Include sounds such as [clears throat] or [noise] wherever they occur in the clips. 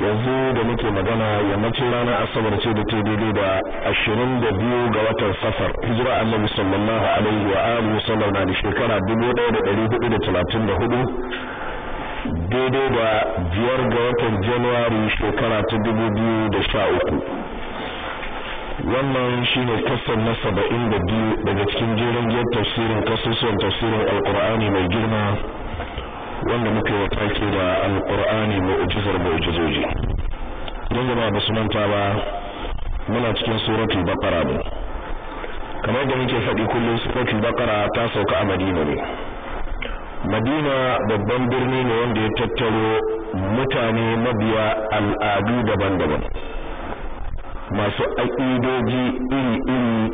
yanzu da muke magana yammacin ranar asabar ce da ta daidai da ashirin da biyu ga watan safar hijira annabi sallallahu alaihi wa alihi sallam na da shekara dubu ɗaya da ɗari hudu da talatin da hudu daidai da biyar ga watan januwari shekara ta dubu biyu da sha uku wannan shi ne kasar na saba'in da biyu daga cikin jerin tafsirin kasusuwan tafsirin alkur'ani mai girma wanda muke wa take da alqur'ani mu'jizar ujizoji don gaba ba su manta ba muna cikin suratul baqara ne kamar da muke faɗi kullum suratul baqara ta sauka a madina ne madina babban birni ne wanda ya tattaro mutane mabiya al'adu daban-daban masu aƙidoji iri-iri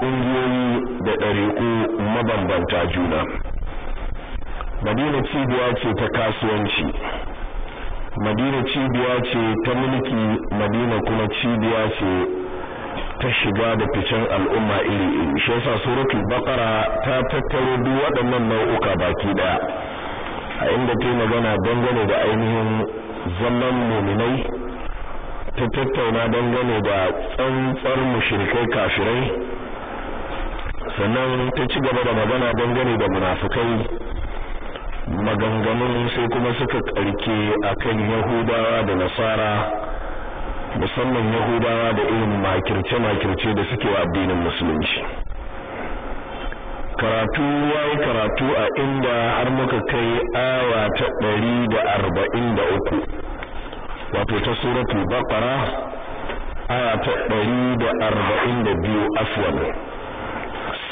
ƙungiyoyi da ɗariƙu mabambanta juna madina cibiya ce ta kasuwanci madina cibiya ce ta mulki madina kuma cibiya ce ta shiga da ficen al'umma iri iri shi yasa suratul baqara ta tattaro duk waɗannan nau'uka baki daya a inda ta magana dangane da ainihin zaman muminai ta tattauna dangane da tsantsar mushrikai kafirai sannan ta ci gaba da magana dangane da munafukai maganganun sai kuma suka karke akan yahudawa da nasara musamman yahudawa da irin makirce-makirce da suke wa addinin musulunci karatu yi karatu a inda har muka kai awa ta ɗari da arba'in da uku wato ta suratu baqara aya ta ɗari da arba'in da biyu afwan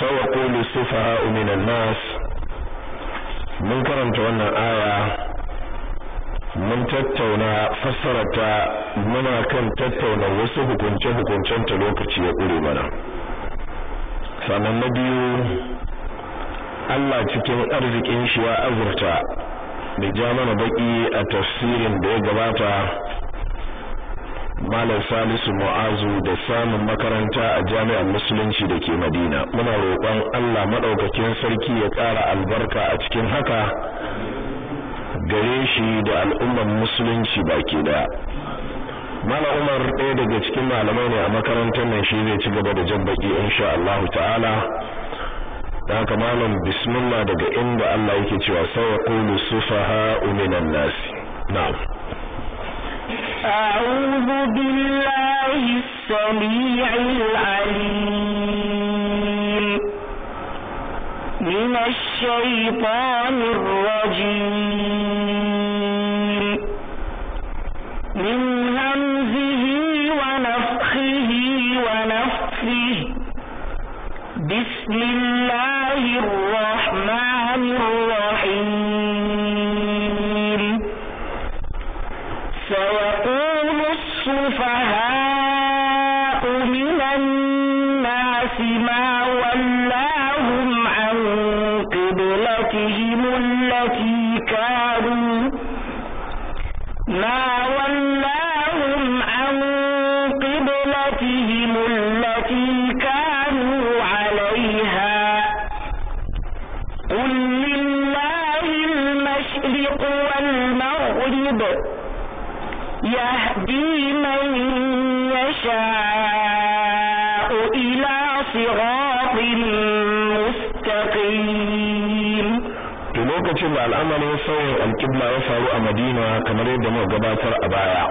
sawa ko sufaha'u minan nas mun karanta wannan aya mun tattauna fassarata muna kan tattauna wasu hukunce-hukuncen ta lokaci ya ƙure mana sannan na biyu Allah cikin arzikin shi ya azurta da ja mana baƙi a tafsirin da ya gabata malam salisu mu'azu da samun makaranta a jami'ar musulunci da ke madina muna roƙon allah maɗaukakin sarki ya ƙara albarka a cikin haka gare shi da al'ummar musulunci baki ɗaya malam umar ɗaya daga cikin malamai ne a makarantar nan shi zai ci gaba da jan baki insha allahu ta'ala da haka malam bismillah daga inda allah yake cewa sai ya qulu sufaha minan nasi na'am أعوذ بالله السميع العليم من الشيطان الرجيم من همزه ونفخه ونفخه بسم الله الرحمن الرحيم sauyin alƙibla ya faru a madina kamar yadda muka gabatar a baya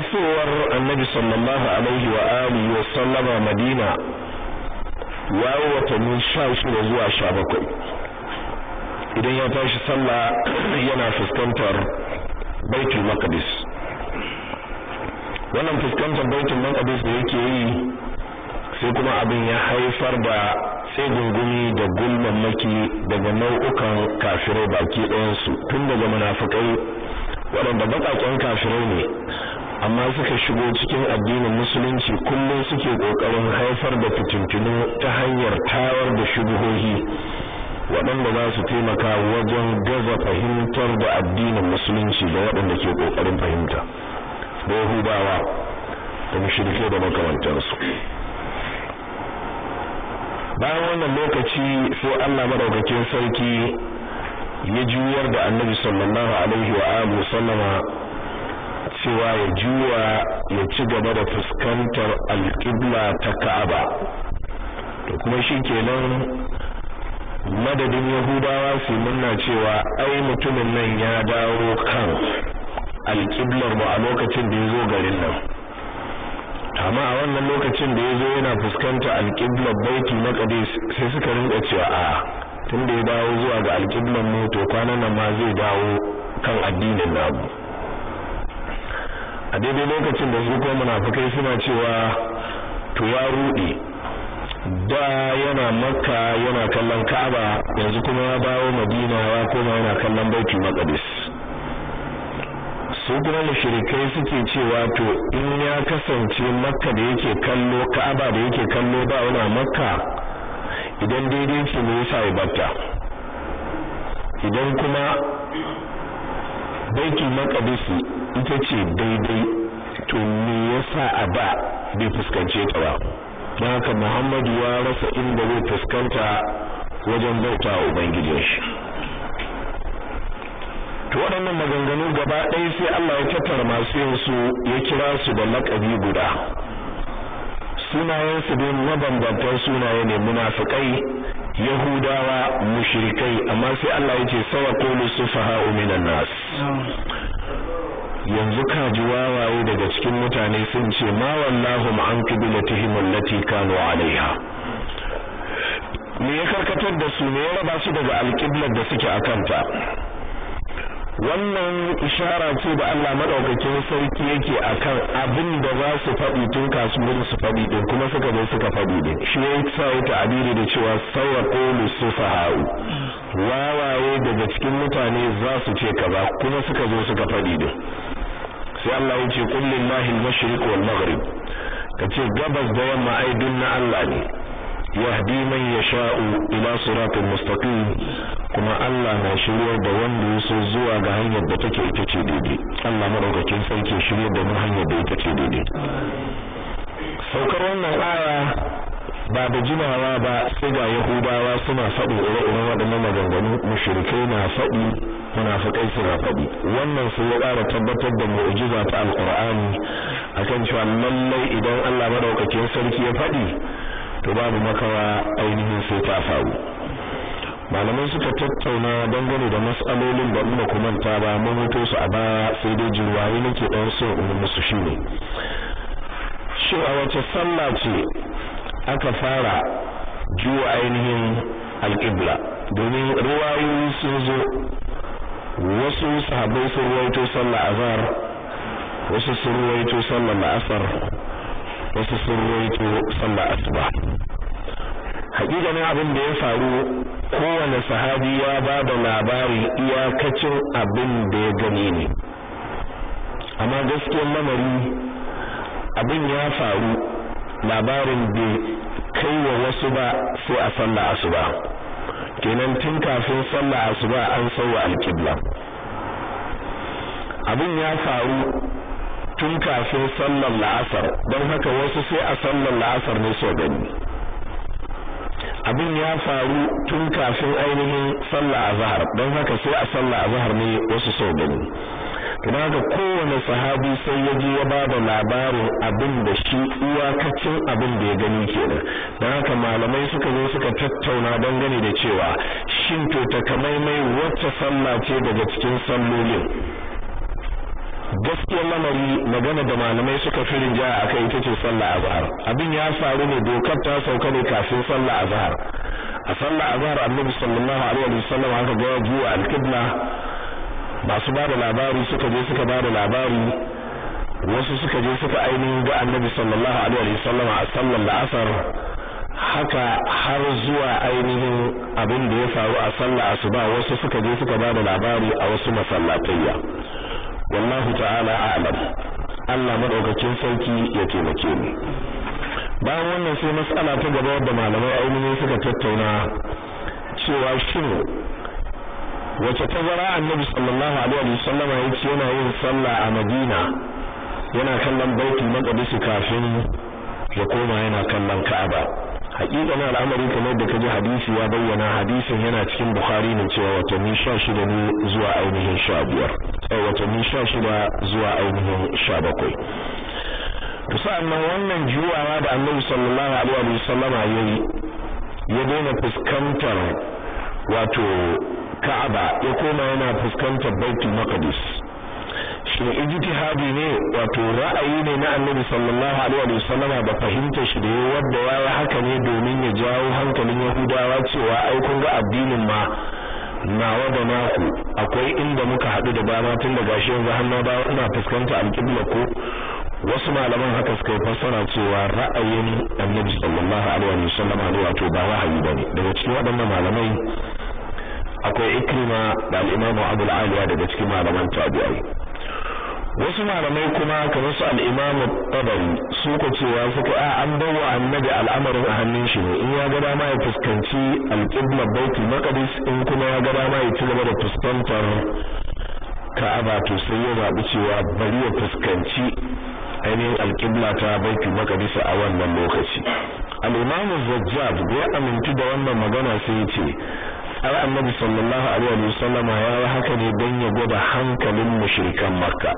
isowar annabi sallallahu alaihi wa alihi wa sallama madina ya yi watanni sha shida zuwa sha bakwai idan ya tashi sallah [clears throat] yana fuskantar baitul maqdis wannan fuskantar baitul maqdis da yake yi sai kuma abin ya haifar da sai gungumi da maki daga nau'ukan kafirai baki ɗayansu tun daga munafukai waɗanda baƙaƙen kafirai ne amma suka shigo cikin addinin musulunci kullum suke ƙoƙarin haifar da fitintunu ta hanyar tawar da shubuhohi waɗanda za su taimaka wajen gaza fahimtar da addinin musulunci da waɗanda ke ƙoƙarin fahimta da yahudawa da mushrikai da makamantarsu bayan wannan lokaci sai Allah madaukakin sarki ya juyar da annabi sallallahu alaihi wa alihi sallama cewa ya juwa ya ci gaba da fuskantar alƙibla ta Ka'aba to kuma kenan madadin Yahudawa su munna cewa ai mutumin nan ya dawo kan alƙiblar mu a lokacin da ya zo garin nan amma a wannan lokacin da ya zo yana fuskanta alƙiblar baitul maqdis sai suka rinka cewa a tun da ya dawo zuwa ga alƙiblar mu to kwanan nan ma zai dawo kan addinin namu a daidai lokacin da su ko munafikai suna cewa to ya rudi da yana makka yana kallon ka'aba yanzu kuma ya dawo madina ya koma yana kallon baitul maqdis su kuma mashirikai suke cewa to in ya kasance makka da yake kallo ka'aba da yake kallo ba wani makka idan daidai ce mai yasa ya bata idan kuma maka maqdisi ita ce daidai to me yasa a ba bai fuskance ta ba don haka muhammadu ya rasa inda zai fuskanta wajen bauta wa ubangijin shi to waɗannan maganganu gaba ɗaya sai Allah ya tattara masu yin su ya kira su da laƙabi guda sunayen su dai mabambantan sunaye ne munafikai yahudawa mushrikai amma sai Allah ya ce sawa kullu sufaha minan nas yanzu ka ji wawaye daga cikin mutane sun ce ma wallahu an qiblatihim allati kanu alaiha me ya karkatar da su ne ya raba su daga alqiblar da suke akanta wannan ishara ce da Allah madaukakin sarki yake akan abin da za su faɗi tun kasuwar su faɗi din kuma suka zo suka faɗi din shi ya sa ya ta'abiri da cewa sawa qulu sufaha'u wawaye daga cikin mutane za su ce kaza kuma suka zo suka faɗi din sai Allah ya ce qul lillahi al-mashriq wal maghrib kace gabas da yamma ai na Allah ne yahdi man yasha'u ila siratal mustaqim kuma Allah na shiryar da wanda ya so zuwa ga hanyar da take ita ce daidai Allah madaukakin sarki ya shiryar da mu hanyar da ita ce daidai saukar wannan aya ba da jimawa ba sai ga yahudawa suna faɗi ire-iren waɗannan maganganu mushrikai na faɗi munafikai suna faɗi wannan sai ya ƙara tabbatar da mu'jiza ta alqur'ani akan cewa lallai idan Allah madaukakin sarki ya faɗi to babu makawa ainihin sai ta faru malamai suka tattauna dangane da matsalolin da muna kumanta ba mun hoto su a baya sai dai jirwaye nake dan so in musu shine shin a wace sallah ce aka fara juwa ainihin alƙibla domin ruwayoyi sun zo wasu sahabbai sun ruwaito sallah azhar wasu sun ruwaito sallah la'asar wasu sun ruwaito sallah asuba hakikanin abin da ya faru kowane sahabi ya ba da labari iyakacin abin da ya gani ne amma gaskiyar lamari abin ya faru labarin da kai wa wasu ba sai a sallah asuba kenan tun kafin sallah asuba an sauwa alkibla abin ya faru tun kafin sallar la'asar don haka wasu sai a sallar la'asar ne so gani abin ya faru tun kafin ainihin sallah a zahar don haka sai a sallah a zahar ne wasu sau gani kuma haka kowane sahabi sai ya ji ya ba da labarin abin da shi iyakacin abin da ya gani kenan don haka malamai suka zo suka tattauna don gani da cewa shin to takamaimai wacce sallah ce daga cikin sallolin gaskiyar lamari magana da malamai suka fi rinjaya akai ita ce sallah azhar abin ya faru ne dokar ta sauka ne kafin sallah azhar a sallah azhar annabi sallallahu alaihi wasallam aka ga juwa alqibla masu ba da labari suka je suka ba da labari wasu suka je suka ainihin ga annabi sallallahu alaihi wasallam a sallar da asar haka har zuwa ainihin abin da ya faru a sallah asuba wasu suka je suka ba da labari a wasu masallatayya wallahu ta'ala a'lam Allah madaukakin sarki ya taimake ni bayan wannan sai mas'ala ta gaba da malamai ainihin suka tattauna cewa shin wace tazara annabi sallallahu alaihi wa ya ce yana yin sallah a Madina yana kallon Baitul Maqdis kafin ya koma yana kallon Ka'aba na al'amari kamar da kaji hadisi ya bayyana hadisin yana cikin bukhari ne cewa watanni shida ne zuwa ainihin biyar eh watanni shida zuwa ainihin sha bakwai. to sa'annan wannan juwawa da Annabi sallallahu alaihi wa sallama yayi ya daina fuskantar wato Ka'aba ya koma yana fuskantar Baitul Maqdis shi ijtihadi ne wato ra'ayi ne na annabi sallallahu alaihi wa sallam da fahimta shi da yayi wanda yayi haka ne domin ya jawo hankalin yahudawa cewa ai kun ga addinin ma nawa da naku akwai inda muka haɗu da dama tun da gashi yanzu hannu ba ina fuskanta alƙibla ko wasu malaman haka suka yi fassara cewa ra'ayin annabi sallallahu alaihi wa sallam ne wato ba wahayi bane daga cikin waɗannan malamai akwai ikrima da al'imamu abul aliya daga cikin malaman tabi'ai wasu malamai kuma kamar su al-Imam Tabari su ko cewa suka a an bawa annabi al'amarin a hannun shi ne in ya ga dama ya fuskanci al-qibla Baitul Maqdis in kuma ya ga dama ya ci gaba da fuskantar Ka'aba to sai ya zabi cewa bari ya fuskanci ainihin al-qibla ta Baitul Maqdis a wannan lokaci al-Imam ya aminci da wannan magana sai ya ce har annabi sallallahu alaihi wasallama ya yi haka ne don ya gwada hankalin mushrikan makka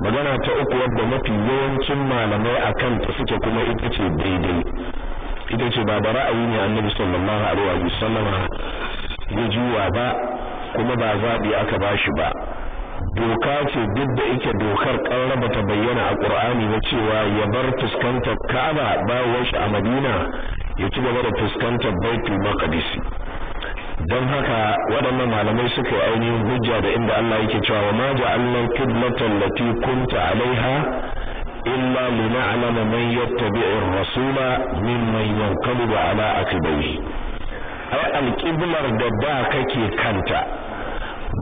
magana ta uku wadda mafi yawancin malamai a kanta suke kuma ita ce daidai ita ce ba ra'ayi ne annabi sallallahu alaihi wa sallama ya juwa ba kuma ba zaɓi aka ba shi ba doka ce duk da ita dokar karraba ta bayyana a ƙur'ani na cewa ya bar fuskantar ka'aba bayan shi a madina ya ci gaba da fuskantar baitul maqdis don haka waɗannan malamai suka ainihin hujja da inda Allah yake cewa wa ma ja'alna qiblatan lati kunta alaiha illa lina'lama man yattabi'ur rasula mimman yanqalibu ala aqibayhi ai qiblar da da kake kanta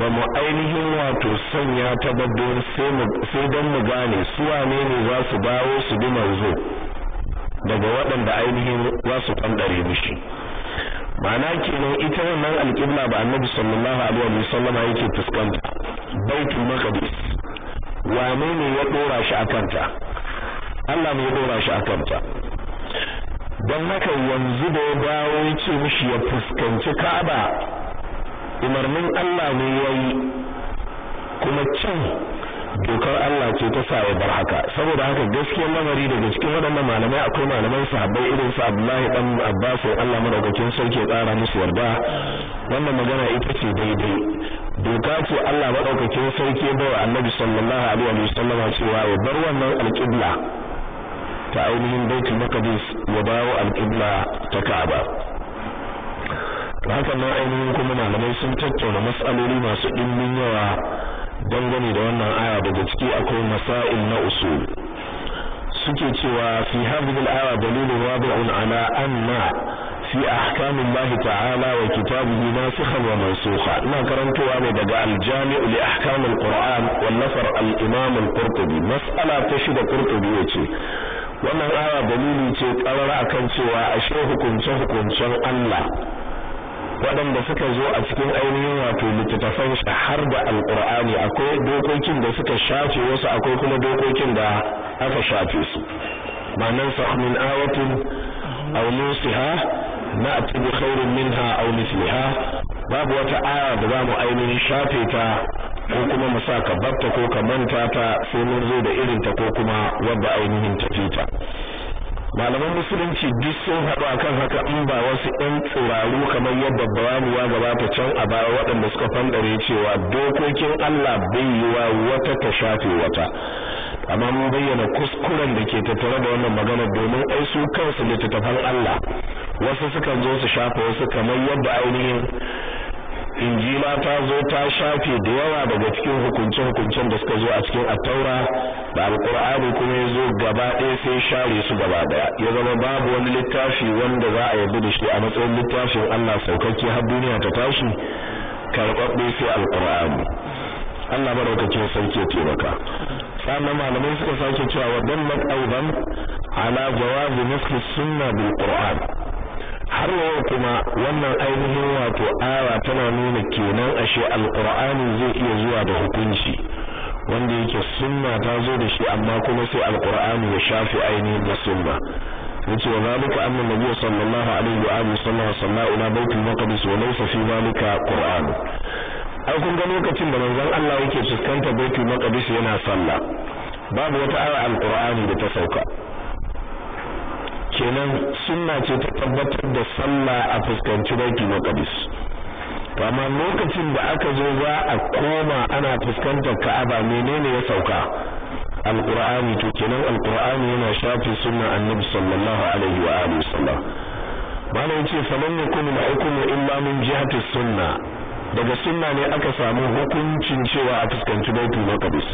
ba mu ainihin wato sanya ta babbar sai don mu gane su wane ne za su dawo su bi manzo daga waɗanda ainihin za su kwandare mishi ma'ana kenan ita wannan alƙibla ba annabi sallallahu alaihi wa sallama yake fuskanta baitul maqdis wane ne ya dora shi akanta Allah ne ya dora shi akanta don haka yanzu da ya dawo yace mishi ya fuskanci Ka'aba umarnin Allah ne yayi kuma cin dokar Allah ce ta sa ya bar haka saboda haka gaskiyar lamari daga cikin waɗannan malamai akwai malaman sahabbai irin su Abdullahi dan Abbas Allah madaukakin sarki ya tsara musu yarda wannan magana ita ce daidai doka ce Allah madaukakin sarki ya bawa Annabi sallallahu alaihi wa sallam cewa ya bar wannan alƙibla ta ainihin Baitul Maqdis ya dawo alƙibla ta Ka'aba hakan nan ainihin kuma malamai sun tattauna matsaloli masu ɗimbin yawa dangane da wannan aya daga ciki akwai masail na usul suke cewa fi hadhihi al-aya dalilun wadi'un ala anna fi ahkam Allah ta'ala wa kitabihi nasikhan wa mansukha ina karantowa ne daga al-jami' li ahkam al-Qur'an wal nafar al-Imam al-Qurtubi mas'ala ta shida Qurtubi yace wannan aya dalili ce karar akan cewa ashe hukunce hukuncen Allah waɗanda suka zo a cikin ainihin wato littattafan har da alkur'ani akwai dokokin da suka shafe wasu akwai kuma dokokin da aka shafe su ma'anan sahmin awatin aw na na'ti bi khairin minha su ha babu wata aya da mu ainihin shafe ta ko kuma mu sa ka barta ko ka manta ta sai mun zo da irinta ko kuma wadda ainihin ta malaman musulunci duk sun haɗu kan haka in ba wasu ɗan tsiraru kamar yadda babu gaba gabata can a baya waɗanda suka fandare cewa dokokin Allah bai yi wa wata ta shafe wata amma mun bayyana kuskuren da ke tattare da wannan magana domin ai su kansu littattafan Allah wasu sukan zo su shafa wasu kamar yadda ainihin injila ta zo ta shafe da yawa daga cikin hukunce-hukuncen da suka zo a cikin attaura da alkur'ani kuma ya zo gaba ɗaya sai share su gaba ɗaya ya zama babu wani littafi wanda za a yabi da shi a matsayin littafin allah saukakke har duniya ta tashi karɓaɓɓe sai alkur'ani allah maɗaukakin sarki ya taimaka sannan malamai suka sake cewa wa dallat aidan ala jawazi nasli sunna bil qur'an har yau kuma wannan ainihin wato aya tana nuna kenan ashe alqur'ani zai iya zuwa da hukunci wanda yake sunna ta zo da shi amma kuma sai alqur'ani ya shafi ainihin da sunna yace wa zalika anna nabiy sallallahu alaihi wa alihi sallallahu sallallahu ila baitul maqdis wa laysa fi zalika qur'an ai kun ga lokacin da manzon Allah yake fuskanta baitul maqdis yana sallah babu wata aya alqur'ani da ta sauka kenan sunna ce ta tabbatar da sallah a fuskanci baki maqdis to amma lokacin da aka zo za a koma ana fuskantar ka'aba menene ya sauka alqur'ani to kenan alqur'ani yana shafi sunna annabi sallallahu alaihi wa alihi wasallam malai ce falan yakunu al-hukmu illa min jihati sunna daga sunna ne aka samu hukuncin cewa a fuskanci baitul maqdis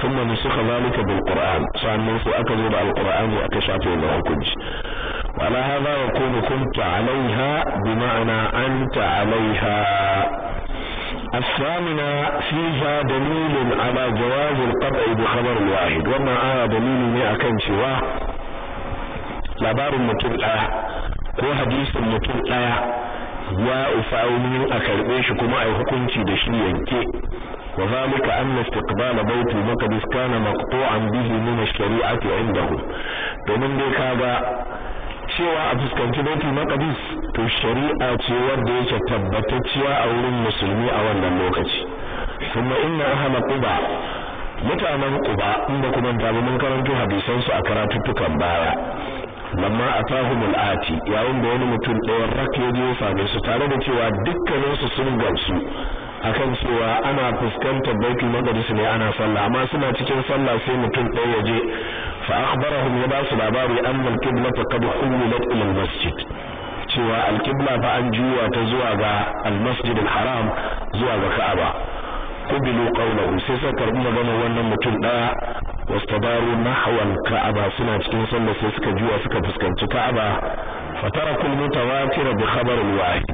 thumma nusikha zalika bil qur'an sannan sai aka zo da alqur'ani aka shafe wannan hukunci wala hadha wa kun kunta alaiha bi ma'ana anta alaiha الثامنة فيها دليل على جواز القطع بخبر واحد وما آه دليل أكن شواه labarin mutum ɗaya ko hadisin mutum ɗaya ya ufa'u a karbe shi kuma ai hukunci da shi yanke wa zalika anna istiqbal bayt maqdis kana maqtu'an bihi min ash-shari'ati indahu domin dai kaga cewa a fuskanci baitul maqdis to shari'a ce wanda yake tabbatacciya a wurin musulmi a wannan lokaci kuma inna ahla quba mutanen quba inda kuma ta mun karanto hadisan su a karatuttukan baya lamma atahumul ati yayin da wani mutum ɗayan rak ya je same su tare da cewa dukkaninsu sun gamsu akan cewa ana fuskantar baitul maqdis ne ana sallah amma suna cikin sallah sai mutum ɗaya ya je fa akhbarahum ya ba su labari annal qiblatu qad humilat ila masjid cewa alqibla fa an juwa ta zuwa ga almasjidin haram zuwa ga ka'aba kubilu qawluhu sai suka karbi maganar wannan mutum ɗaya wastadaru nahwal ka'aba suna cikin sanda sai suka juya suka fuskanci ka'aba fatarakul mutawatir bi khabar wahid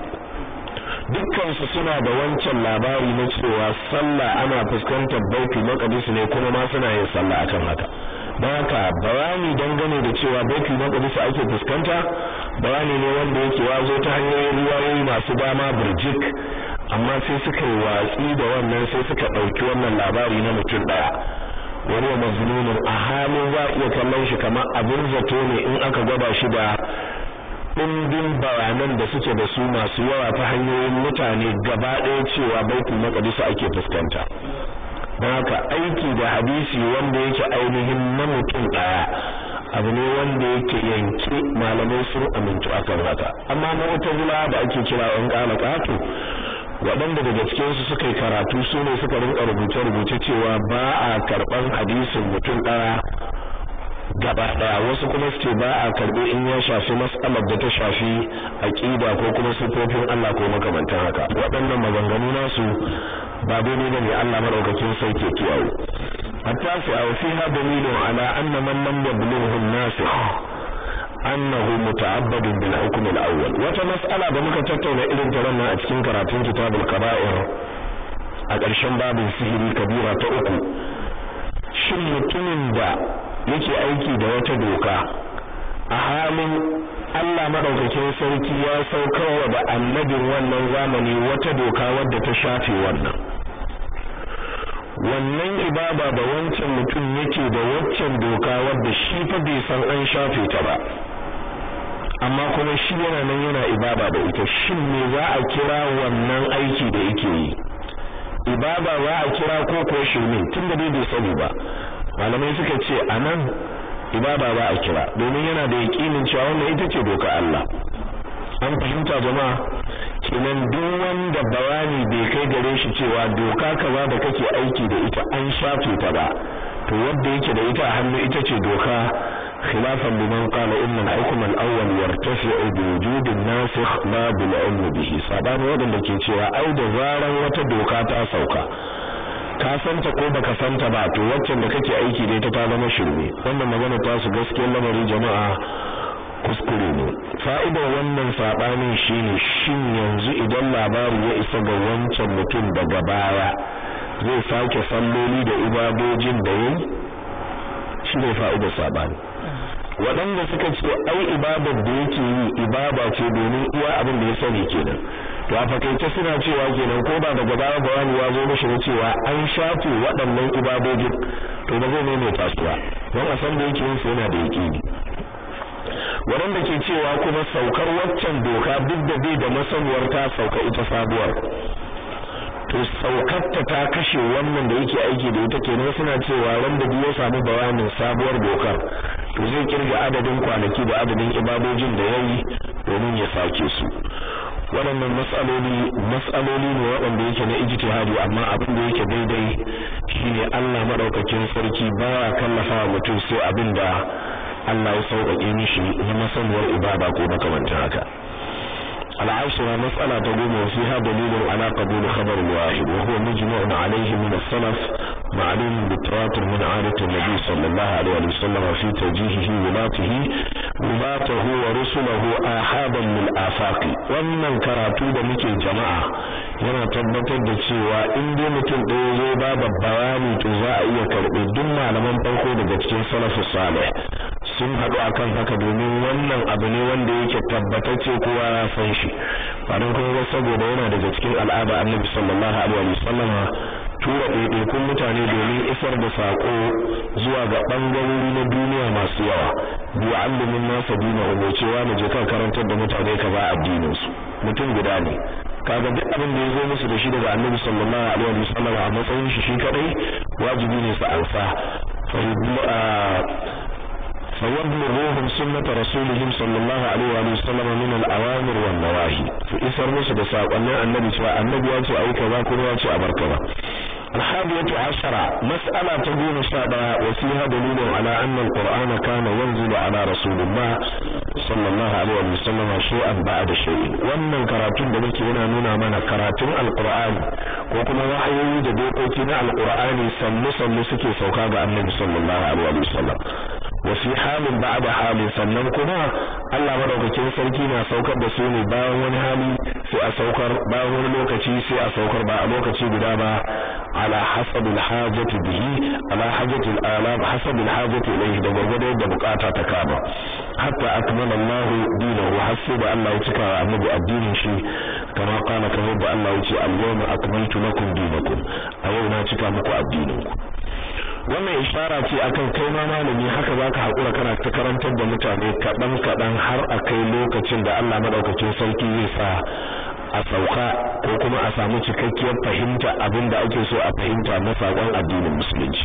dukkan su suna da wancan labari na cewa sallah ana fuskantar bauti maqdis ne kuma ma suna yin sallah akan haka don haka bayani dangane da cewa bauti maqdis ake fuskanta bayani ne wanda yake wazo ta hanyoyin ruwayoyi masu dama burjik amma sai suka yi watsi da wannan sai suka ɗauki wannan labari na mutum ɗaya wani wa mazlumin a halin za a iya kallon shi kamar abin zato ne in aka gwada shi da ɗimbin bayanan da suke da su masu yawa ta hanyoyin mutane gaba ɗaya cewa baitul maqdis ake fuskanta don haka aiki da hadisi wanda yake ainihin na mutum ɗaya abu ne wanda yake yanke malamai sun amintu akan haka amma na wata da ake kira in ƙalaƙatu waɗanda daga cikinsu suka yi karatu su ne suka rinka rubuce-rubuce cewa ba a karɓar hadisin mutum ɗaya gaba ɗaya wasu kuma su ce ba a karɓi in ya shafi mas'alar da ta shafi aƙida ko kuma sifofin Allah ko makamantan haka waɗannan maganganu nasu ba daidai ba ne Allah maɗaukakin sai ke kiyaye hatta fi a wasu ha dalilin ala anna man lam yablughu an annahu muta'abbadun bil hukm al awwal wata mas'ala da muka tattauna irin ta nan a cikin karatun kitabul qaba'ir a ƙarshen babin sihiri kabira ta uku shin mutumin da yake aiki da wata doka a halin Allah madaukakin sarki ya wa da annabin wannan zamani wata doka wadda ta shafe wannan wannan ibada da wancan mutum yake da waccan doka wadda shi fa bai san an shafe ta ba amma kuma shi yana nan yana ibada da ita shin me za a kira wannan aiki da yake yi ibada za a kira ko ko ne tun da bai sani ba malamai suka ce anan ibada za a kira domin yana da yaƙinin cewa wannan ita ce doka Allah an fahimta jama'a kenan duk wanda bayani bai kai gare shi cewa doka kaza da kake aiki da ita an shafe ta ba to wanda yake da ita a hannu ita ce doka خلافا لمن قال إن الحكم الأول يرتفع بوجود الناسخ لا بالعلم به سابان وضع لكي تيوى أي دزارا وتدوكات أسوكا ka ta ko baka santa ba to waccan da kake aiki da ita ta zama shirme wannan magana ta su gaskiyar lamarin jama'a kuskure ne fa'idar wannan sabanin shine shin yanzu idan labari ya isa ga wancan mutum daga baya zai sake salloli da ibadojin da yayi shine fa'idar sabani waɗanda suka ce ai ibadar da yake yi ibada ce domin uwa abin da ya sani kenan to a fakaice suna cewa kenan ko ba daga baya bayani ya zo mishi cewa an shafe waɗannan ibadoji to ba zai maimaita tasuwa don a san da yake yin su yana da yaƙini waɗanda ke cewa kuma saukar waccan doka duk da bai da masanuwar ta sauka ita sabuwar to saukatta ta kashe wannan da yake aiki da ita kenan suna cewa wanda duk ya samu bayanin sabuwar dokar to zai kirga adadin kwanaki da adadin ibadojin da yayi domin ya sake su waɗannan matsaloli matsaloli ne waɗanda yake na ijtihadi amma abin da yake daidai shine Allah madaukakin sarki ya kallafa mutum sai abin da Allah ya sauƙaƙe mishi na masanwar ibada ko makamantar haka العاشرة مسألة تقوم فيها دليل على قبول خبر واحد وهو مجمع عليه من السلف معلوم بتواتر من عادة النبي صلى الله عليه وسلم في توجيهه ولاته ولاته ورسله آحادا للآفاق ومن كراتو دمك الجماعة yana tabbatar da cewa in dai mutum ɗaya zo babu bayani to za a iya karɓi duk malaman farko daga cikin salafu salih sun haɗu akan haka domin wannan abu ne wanda yake tabbatacce kowa ya san shi shi ba don kuma ba saboda yana daga cikin al'ada annabi sallallahu alaihi wa sallama tura ɗaiɗaikun mutane domin isar da saƙo zuwa ga ɓangarori na duniya masu yawa biyu allumin nasa dina umarcewa na je kan karantar da mutane ka ba addininsu mutum guda ne kaga duk abin da ya zo musu da shi daga annabi sallallahu alaihi wa a matsayin shi shi kadai wajibi ne su ansa فيبلغ روحهم سنة رسولهم صلى الله عليه وآله وسلم من الأوامر والنواهي في إسر مصر بساق أن النبي سواء النبي يأتي أو كذا كذا يأتي أبر كذا الحادية عشرة مسألة تقول شابها وفيها دليل على أن القرآن كان ينزل على رسول الله صلى الله عليه وسلم شيئا بعد شيء ومن كراتون دلت هنا نونا من كراتون القرآن وكما وحي دبوكوتنا القرآن سلو سلو سكي سوكاب النبي صلى الله عليه وسلم وفي حال بعد حال sannan kuma Allah madaukakin sarki na saukar da su ne bayan wani hali sai a saukar bayan wani lokaci sai a saukar ba a lokaci guda ba ala hasab alhajati bihi ala hajati alala hasab da gwagwado da bukata ta kaba hatta akmala Allah dinahu hasu da Allah ya cika annabi addinin shi kama kana kamar da Allah ya ce al-yawma akmaltu lakum dinakum a yau na cika muku addinin ku wannan ishara ce akan kai ma malami haka zaka hakura kana ta karantar da mutane kadan kadan har a kai lokacin da Allah madaukakin sarki zai sa a sauka ko kuma a samu cikakkiyar fahimta abin da ake so a fahimta na saƙon addinin musulunci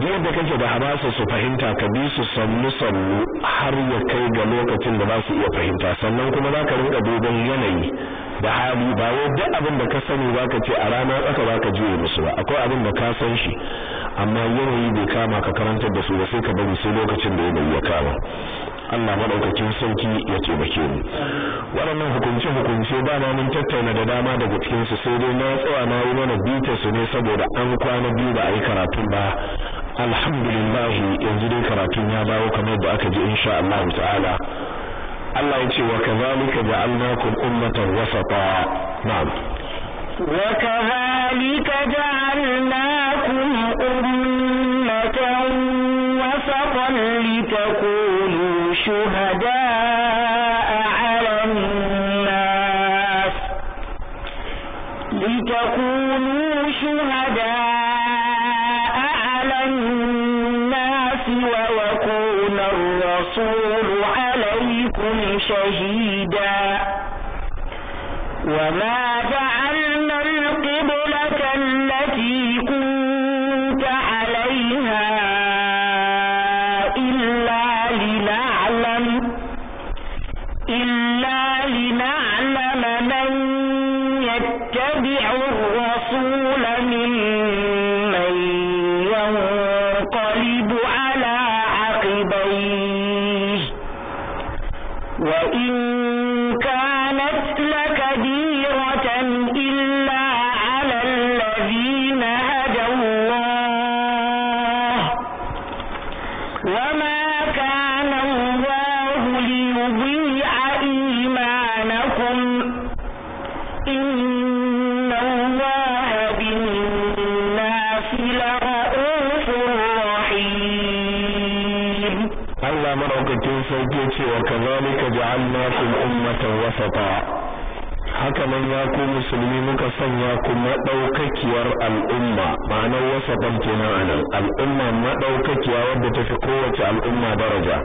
duk da kake da habasa su fahimta ka bi su sannu sannu har ya kai ga lokacin da za su iya fahimta sannan kuma za ka rinka dogon yanayi da hali ba wai duk abin da ka sani za ka ce a ranar tsaka za ka juye musu ba akwai abin da ka san shi amma yanayi bai kama ka karantar da su ba sai ka bari sai lokacin da yanayi ya kama Allah madaukakin sauki ya taimake mu waɗannan hukunce hukunce ba na mun tattauna da dama daga cikin su sai dai na tsaya na yi mana bita su ne saboda an kwana biyu ba a yi karatun ba alhamdulillah yanzu dai karatun ya dawo kamar da aka ji insha Allah ta'ala Allah ya ce wa kazalika ja'alnakum ummatan wasata na'am kazalika ja'alnakum ummatan وسطا لتكونوا الشهداء على الناس لتكونوا شهداء على الناس ويكون الرسول عليكم شهيدا وما جعل وكذلك جعلناكم ummatan وسطا haka nan ya ku musulmi muka sanya ku maɗaukakiyar al'umma ma'anar wasaɓan kenan anan al'umma maɗaukakiya wadda ta fi kowace al'umma daraja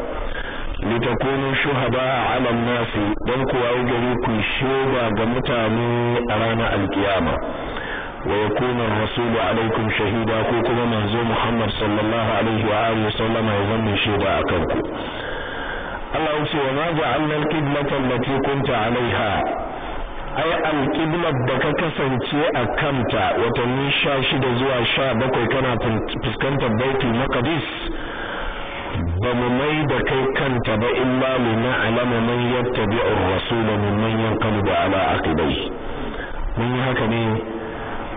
litakunu shuhada ala nasi dan ku wayi gari ku shoba ga mutane a ranar alkiyama wa yakuna rasulu shahida ko kuma manzo muhammad sallallahu alaihi wa alihi sallama ya zama shaida akan ku Allah ya ce wa ma ja'alna al-qiblata allati kunta 'alayha ai al-qiblat da ka kasance a kanta watanni 16 zuwa 17 kana fuskantar Baitul Maqdis ba mu mai da kai kanta ba illa li na'lama man yattabi'u ar-rasula mimman yanqalibu 'ala aqibai mun yi haka ne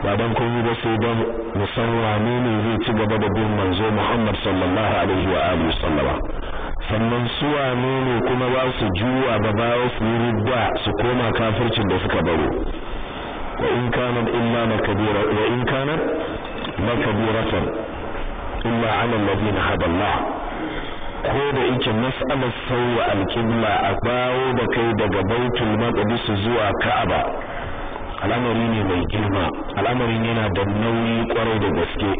ba dan komai ba sai dan mu san wane ne zai ci gaba da bin manzo Muhammad sallallahu alaihi wa alihi wasallama sannan suwa ne kuma ba su juwa ba ba su yi rubba su koma kafircin da suka baro wa in kanat illa makabira wa in kanat makabiratan illa ala alladhina hada Allah ko da yake mas'alar sauya alqibla a bawo da kai daga baitul maqdis zuwa ka'aba al'amari ne mai girma ne yana da nauyi kwarai da gaske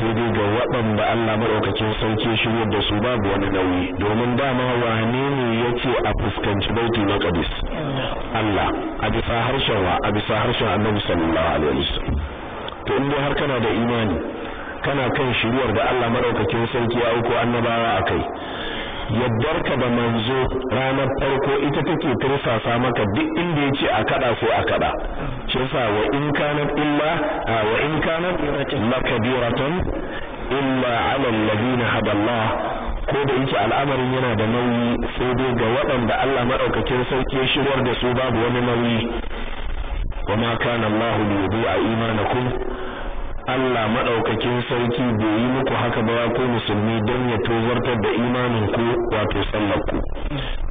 sai ga waɗanda Allah maɗaukacin sauke shiryar da su babu wani nauyi domin dama wane ne ya ce a fuskanci bauti na ƙadis Allah a bisa harshen wa a bisa harshen annabi sallallahu alaihi wasallam to in dai har kana da imani kana kan shiruwar da Allah maɗaukacin sauke ya auko annabawa a kai yaddarka da manzo ranar farko ita take tursasa maka duk inda yace a kada sai a kada shi yasa wa in kana illa wa in kana lakabiratun illa ala alladhina hadallah ko da yake al'amarin yana da nauyi sai dai ga waɗanda Allah madaukakin sauki ya da su babu wani nauyi wa ma kana Allah li imanakum Allah maɗaukakin sarki bai yi muku haka ba ko musulmi don ya tozartar da imanin ku wato sallar ku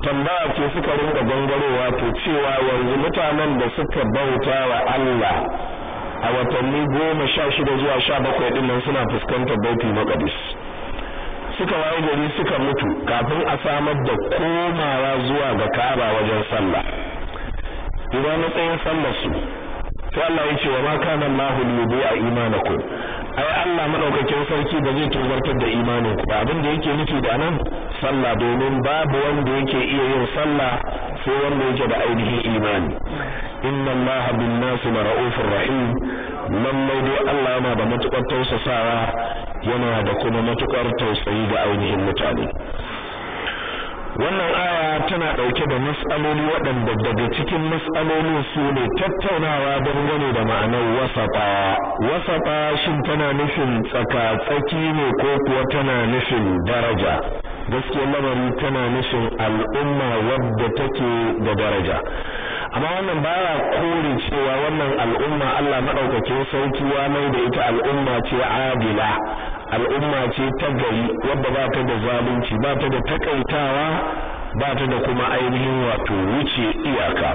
tambaya ce suka rinka gangarowa to cewa yanzu mutanen da suka bauta wa Allah a watanni goma sha shida zuwa sha bakwai din nan suna fuskantar bauti maqdis suka waye gari suka mutu kafin a samar da komawa zuwa ga Ka'aba wajen sallah idan matsayin sallar su sai Allah ya ce wa ma kana Allahu liyubi'a imanakum ai Allah madaukakin sarki ba zai tozartar da imanin ku ba abin da yake nufi da nan sallah domin babu wanda yake iya yin sallah sai wanda yake da ainihin imani inna Allah bin nasi ra'ufur rahim lallai dai Allah yana da matukar tausasawa yana da kuma matukar tausayi ga ainihin mutane wannan aya tana ɗauke da mas'aloli waɗanda daga cikin mas'alolin su ne tattaunawa dangane da ma'anar wasaƙa wasaƙa shin tana nufin tsaka-tsaki ne ko kuwa tana nufin daraja Gaskiya lamari tana nufin al'umma wadda take da daraja amma wannan baya kore cewa wannan al'umma Allah madaukakin sarki wa mai da ita al'umma ce adila al'umma ce ta gari wadda ba ta da zalunci ba ta da takaitawa ba ta da kuma ainihin wato wuce iyaka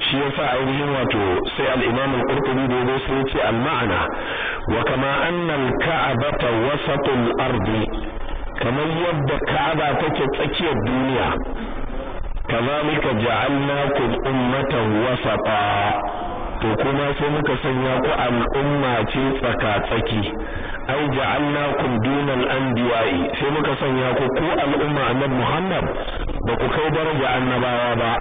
shi yasa ainihin wato sai al'imamin imam al-Qurtubi da yazo sai yace al-ma'ana wa kama annal al-Ka'bata wasatul ardi kamar yadda Ka'aba take tsakiyar duniya kazalika ja'alnakum ummatan wasata to kuma sai muka sanya ku al'umma ce tsaka-tsaki. ai ja'alnakum dunal anbiya'i sai muka sanya ku ku al'umma annab Muhammad ba ku kai daraja annabawa ba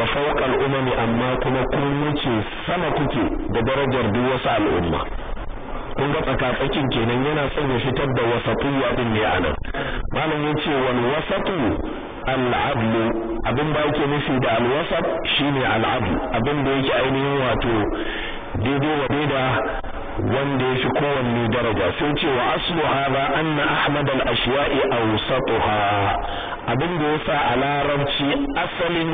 wa fawqa al'umami amma kuma kun wuce sama kuke da darajar duk wasu al'umma kun ga tsaka-tsakin kenan yana son ya fitar da ya din ne anan malam ce wal wasatu al'adlu abin ba yake nufi da shi ne al'adlu abin da yake ainihin wato daidai wa daida wanda yafi kowanne daraja sai ce wa aslu hadha anna ahmad al-ashya'i awsatuha abin da yasa a larabci asalin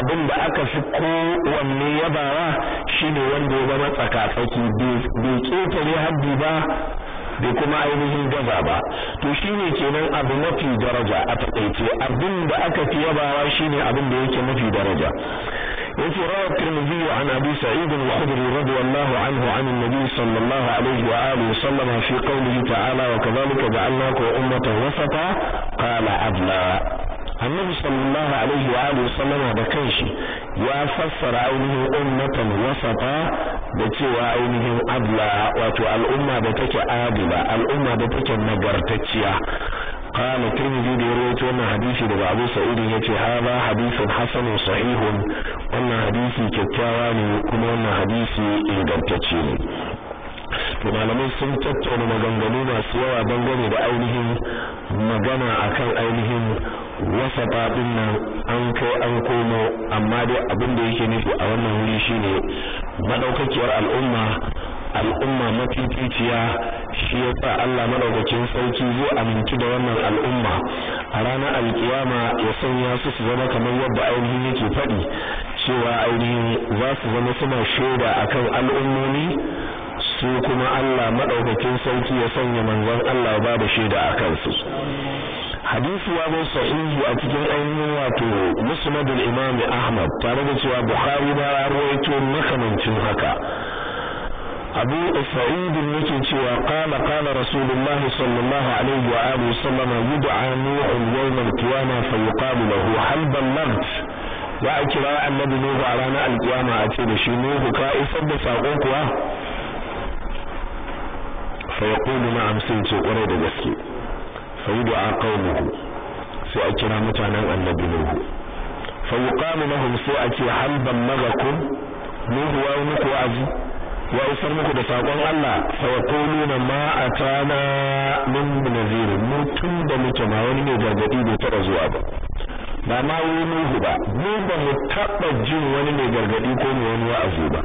abin da aka fi kowanne yabawa shine wanda ya zama tsakatsaki bai ƙetare haddi ba bai kuma ainihin gaza ba to shi shine kenan abu mafi daraja a takaice abin da aka fi yabawa shine abin da yake mafi daraja yace rawa tirmidhi an abi sa'id al-khudri radiyallahu anhu an an-nabi sallallahu alaihi wa alihi sallama fi qawlihi ta'ala wa kadhalika ja'alnaka ummatan wasata qala abna annabi sallallahu alaihi wa alihi sallam da kanshi ya fassara ainihin ummatan wasafa da cewa ainihin adla wato al'umma da take adila al'umma da take nagartacciya kana kin ji da rawaito wannan hadisi daga Abu Sa'id yace hada hadithun hasan sahihun wannan hadisi kyakkyawa ne kuma wannan hadisi ingantacce ne to malamai sun tattauna maganganu masu yawa dangane da ainihin magana akan ainihin wasa babin nan an kai an komo amma dai abin da yake nufi a wannan wuri shine madaukakiyar al'umma al'umma mafificiya shi ya sa Allah madaukakin sarki zai aminci da wannan al'umma a ranar alkiyama ya sanya su su zama kamar yadda ainihin yake faɗi cewa ainihin za su zama suna shaida akan al'ummomi sai kuma Allah madaukakin sarki ya sanya manzon Allah ba da shaida a kansu hadisi ya zo sahihi a cikin ainihin wato musnad al-imam Ahmad tare da cewa Bukhari ba ya rawaito makamancin haka Abu Sa'id yake cewa qala qala Rasulullah sallallahu alaihi wa alihi wasallam yud'a nu'un yawm al-qiyamah fa yuqalu lahu hal ballaght a kira annabi Nuhu a ranar alkiyama a ce da shi Nuhu ka isar da saƙon kuwa fa yaqulu na'am sai ce kwarai da gaske fa yud'a qaumuhu sai a kira mutanen annabi nuhu fa yuqamu lahum sai a ce hal bammagakum nuhu wa muku wa'azi wa isar muku da sakon Allah fa yaquluna ma atana min nazir mutum da muke ma wani mai gargadi bai taba zuwa ba ba ma ba mu ba mu taɓa jin wani mai gargadi ko mai wani wa'azi ba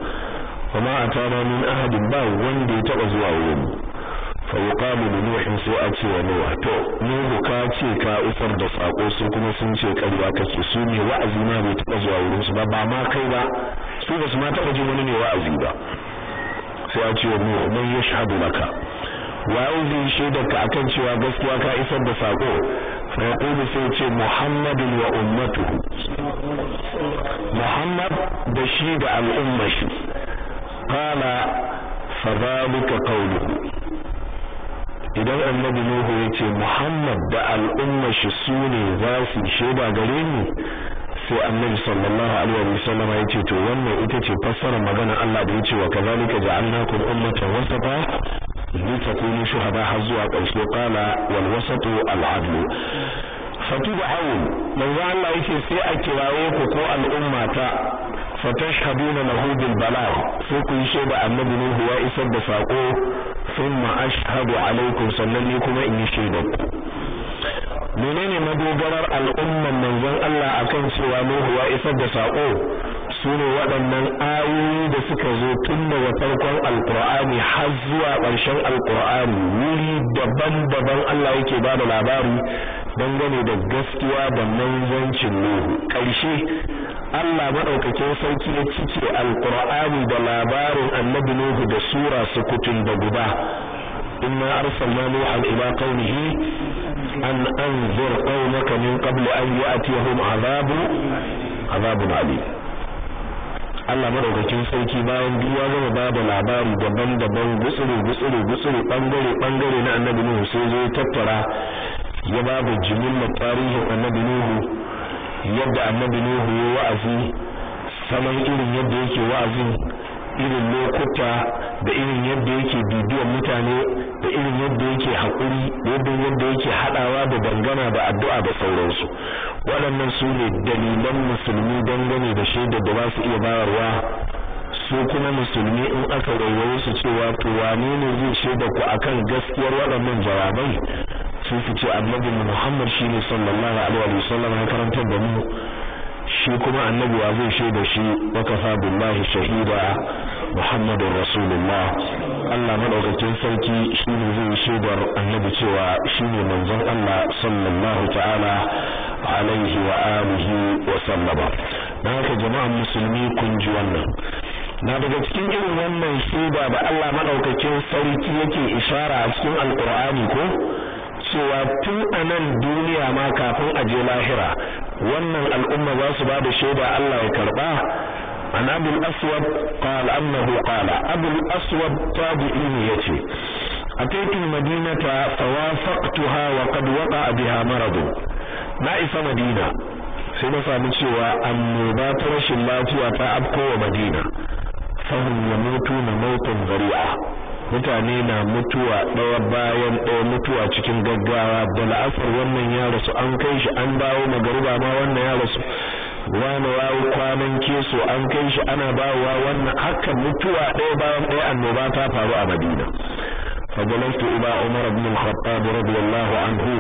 kuma a tana min ahadin ba wanda ya taɓa zuwa wurin fa yuqalu li nuh sai a ce wa nuh to nuh ka ce ka isar da sako su kuma sun ce ƙarya kake su ne wa'azi ma bai taɓa zuwa wurin su ba ba ma kai ba su ba su ma taɓa jin wani ne wa'azi ba sai a ce wa nuh man yashhadu laka waye zai shaida ka akan cewa gaskiya ka isar da sako fa yaqulu sai ce Muhammadu wa ummatuhu muhammad da shi da al'ummar shi qala fa dhalika qawluhu idan annabi nuhu ya ce muhammad da al'ummar shi su ne za su shaida gare ni sai annabi sallallahu alaihi wa sallam ya ce to wannan ita ce fassarar magana Allah da ya ce wa kazalika ja'alnakum ummatan wasata litakunu shuhada har zuwa ƙarshe qala wal wasatu al adlu fatud'u manzo Allah yake sai a kirawo ku ko al'umma ta fatashhaduna lahu bil balagh sai ku yi shaida annabi ne huwa isar da sako thumma ashhadu alaykum sannan ni kuma in yi shaida menene madogarar al'umman manzon Allah akan cewa ne huwa isar da sako su ne waɗannan ayoyi da suka zo tun daga farkon alkur'ani har zuwa ƙarshen alkur'ani wuri daban-daban Allah yake ba da labari dangane da gaskiya da manzancin nuhu ƙarshe Allah maɗaukakin sarki ya cike alkur'ani da labarin annabi nuhu da sura sukutun da guba إنا أرسلنا نوحا إلى قومه أن أنذر قومك من قبل أن يأتيهم عذاب عذاب عليم Allah madaukakin sarki bayan duk ya gama bada labari daban-daban gutsuru gutsuru gutsuru bangare bangare na annabi Nuhu sai zo tattara ya babu jimillar tarihin annabi Nuhu yadda annabi Nuhu ya wa'azi saman irin yadda yake wa'azin irin lokuta da irin yadda yake bibiyan mutane da irin yadda yake haƙuri da irin yadda yake haɗawa da dangana da addu'a da sauransu waɗannan su ne dalilan musulmi dangane da shaidar da za su iya bayarwa su kuma musulmi in aka rayuwa su cewa to wane ne zai shaida ku akan gaskiyar waɗannan jawabai su su ce annabi Muhammad shine sallallahu alaihi wa sallam ya karantar da mu shi kuma annabi wa zai shaida shi wa kafa billahi shahida Muhammadur Rasulullah Allah madaukakin sarki shine zai shaidar annabi cewa shine manzon Allah sallallahu ta'ala alaihi wa jama'an musulmi kun ji wannan na daga cikin irin wannan shaida da Allah madaukakin sarki yake ishara a cikin alqur'ani ko cewa tun a nan duniya ma kafin a je lahira wannan al'umma za su ba da shaida Allah ya karɓa? an abul aswad qala annahu qala abul aswad tabi'i yace ataitu madinata fawafaqtuha wa qad waqa'a biha marad na isa madina sai ta sami cewa annoba ta rashin lafiya ta afkowa madina fahim ya mutu na motan zari'a mutane na mutuwa ɗaya bayan ɗaya mutuwa cikin gaggawa da la'asar wannan ya rasu an kai shi an dawo magariba ma wannan ya rasu wani wawo kwanan keso an kai shi ana bawa wannan hakan mutuwa ɗaya bayan ɗaya annoba ta faru a madina fagalaitu uba umar ibn al-khattab radiyallahu anhu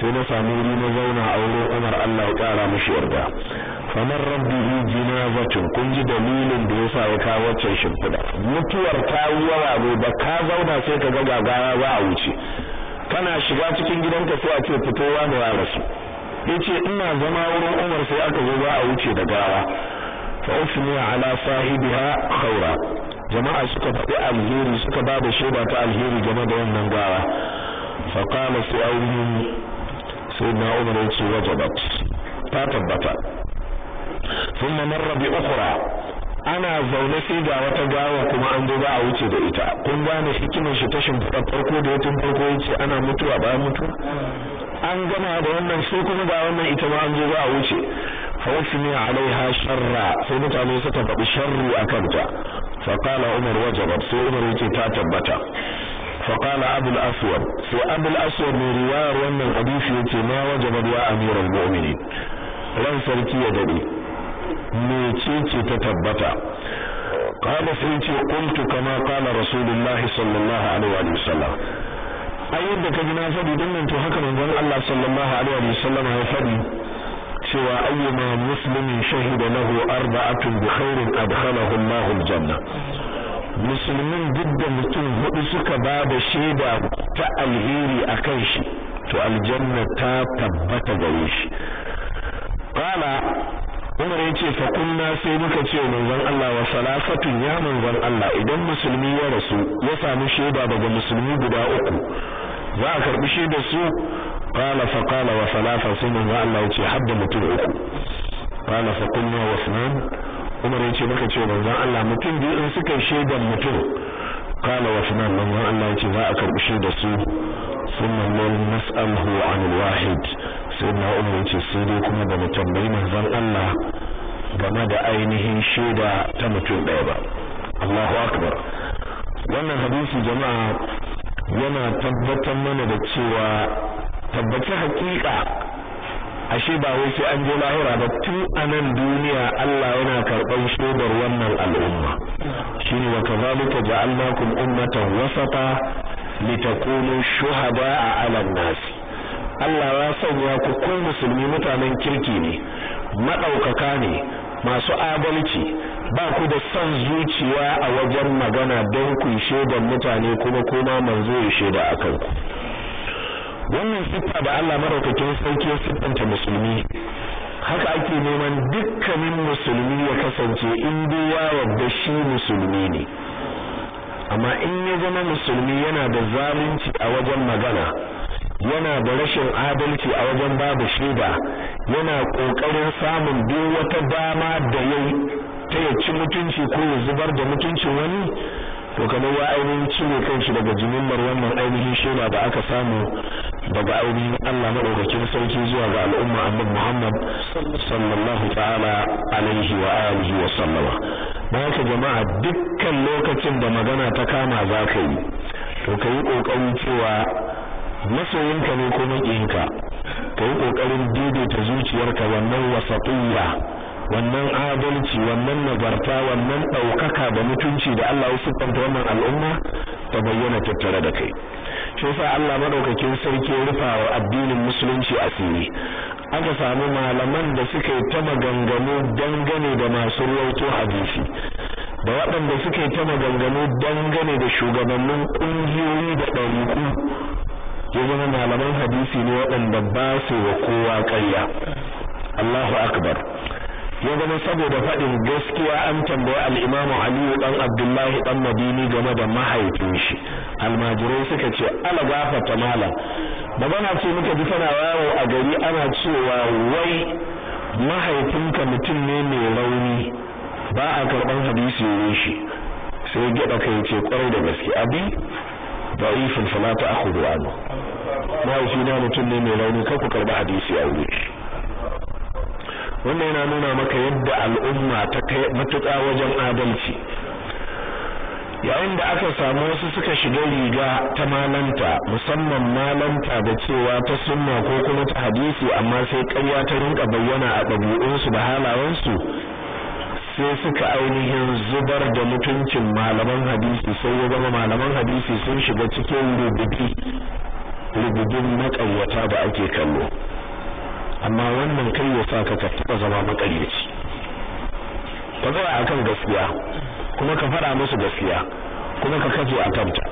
sai na samu wuri na zauna a wurin umar Allah ya kara mishi yarda famar rabbihi jinazatun kun ji dalilin da yasa ya kawo waccan shimfiɗa mutuwar ta yawa ba ka zauna sai ka ga gagara za a wuce kana shiga cikin gidanka sai a ce fitowa ne ya rasu Ya ce ina zama wurin Umar sai aka zo za a wuce da gawa fa usmi ala sahibiha khaira jama'a suka faɗi alheri suka ba da shaida ta alheri game da wannan gawa fa qala sa'awun sai na Umar ya ce wajabat ta tabbata thumma marra bi ukhra ana zaune sai ga wata gawa kuma an zo za a wuce da ita kun gane hikimar shi tashin shimfiɗa farko da ya tun farko ce ana mutuwa bayan mutuwa an gama da wannan su kuma ga wannan ita ma an zo za a wuce fa wasmi alaiha sharra sai mutane suka faɗi sharri a kanta fa qala umar wajabat sai umar yace ta tabbata fa abul aswad sai abul aswad ne riwayar wannan hadisi yace ma wajabat ya amiral mu'minin ran sarki ya dade mecece ta tabbata قال سيتي قلت كما قال رسول الله صلى الله عليه وسلم ai da ka ji na faɗi din nan to haka manzon Allah sallallahu alaihi wa sallam ya faɗi cewa ayyuma muslimin shahida lahu arba'atun bi khairin adkhalahu Allah aljanna musulmin duk da mutum hudu suka ba da shaida ta alheri kan shi to aljanna ta tabbata gare shi qala Umar yace fa kunna sai muka ce manzon Allah wa salafatun ya manzon Allah idan musulmi ya rasu ya samu shaida daga musulmi guda uku za a karbi shaidar su qala fa qala wa salafa Allah hadda mutum uku fa wa sunan Umar ce manzo Allah mutum biyu in suka shaidar mutum wa sunan Allah za a karbi shaidar su thumma lan nas'aluhu 'an sai na Umar sai dai kuma da mutum bai manzon Allah game da ainihin shaida ta mutum ɗaya ba Allahu akbar wannan hadisi jama'a yana tabbatar mana da cewa tabbaci hakika ashe ba wai sai an je lahira ba tun a nan duniya Allah yana karɓar shodar wannan al'umma shine wa kazalika ja'alnakum ummatan wasata litakunu shuhada 'ala nas Allah ya sanya ku kun musulmi mutanen kirki ne madaukaka ne masu adalci ba ku da son zuciya a wajen magana don ku shaida mutane kuma kuma manzo ya shaida a kanku wannan siffa da Allah maraukakin sauki ya siffanta musulmi haka ake neman dukkanin musulmi ya kasance in duwa ya da shi musulmi ne amma in ya zama musulmi yana da zalunci a wajen magana yana da rashin adalci a wajen babu shaida yana kokarin samun duk wata dama da yayi ta ya ci mutunci ko ya zubar da mutuncin wani to kamar ya ainihin cire kanshi daga jimimmar wannan ainihin shaida da aka samu daga ainihin Allah madaukakin sarki zuwa ga al'umma annab Muhammad sallallahu ta'ala alaihi wa alihi wa sallama don haka jama'a dukkan lokacin da magana ta kama za ka yi to ka yi ƙoƙarin cewa masoyinka ne ko makiyinka ka yi ƙoƙarin daidaita zuciyarka wannan wasatiyya wannan adalci wannan nagarta wannan ɗaukaka da mutunci da Allah ya siffanta wannan al'umma ta bayyana tattare da kai shi yasa Allah madaukakin sarki ya rufa wa addinin musulunci asiri aka samu malaman da suka yi ta maganganu dangane da masu rawaito hadisi da waɗanda suka yi ta maganganu dangane da shugabannin ƙungiyoyi da ɗariƙu ya zama malaman hadisi ne waɗanda ba su wa kowa ƙarya Allahu akbar ya zama saboda faɗin gaskiya an tambayi al'imamu aliyu ɗan Abdullahi ɗan Madini game da mahaifin shi almajirai suka ce ala gafata malam magana ce muka ji tana yawo a gari ana cewa wai mahaifinka mutum ne mai rauni ba a karɓar hadisi ne shi sai gyaɗa kai ce ƙwarai da gaske abin da'ifun fala ta'khudhu anhu mahaifina mutum ne mai rauni kar ku karba hadisi a wuri wannan yana nuna maka yadda al'umma ta kai matuƙa wajen adalci yayin da aka samu wasu suka shiga riga ta malanta musamman malanta da cewa ta sunna ko kuma ta hadisi amma sai ƙarya ta rinka bayyana a ɗabi'unsu da halayensu sai suka ainihin zubar da mutuncin malaman hadisi sai ya zama malaman hadisi sun shiga cikin rubutu rubutun makayyata da ake kallo amma wannan kai ya sa ka taɓa zama makaryaci ka a kan gaskiya kuma ka faɗa musu gaskiya kuma ka kaje a kanta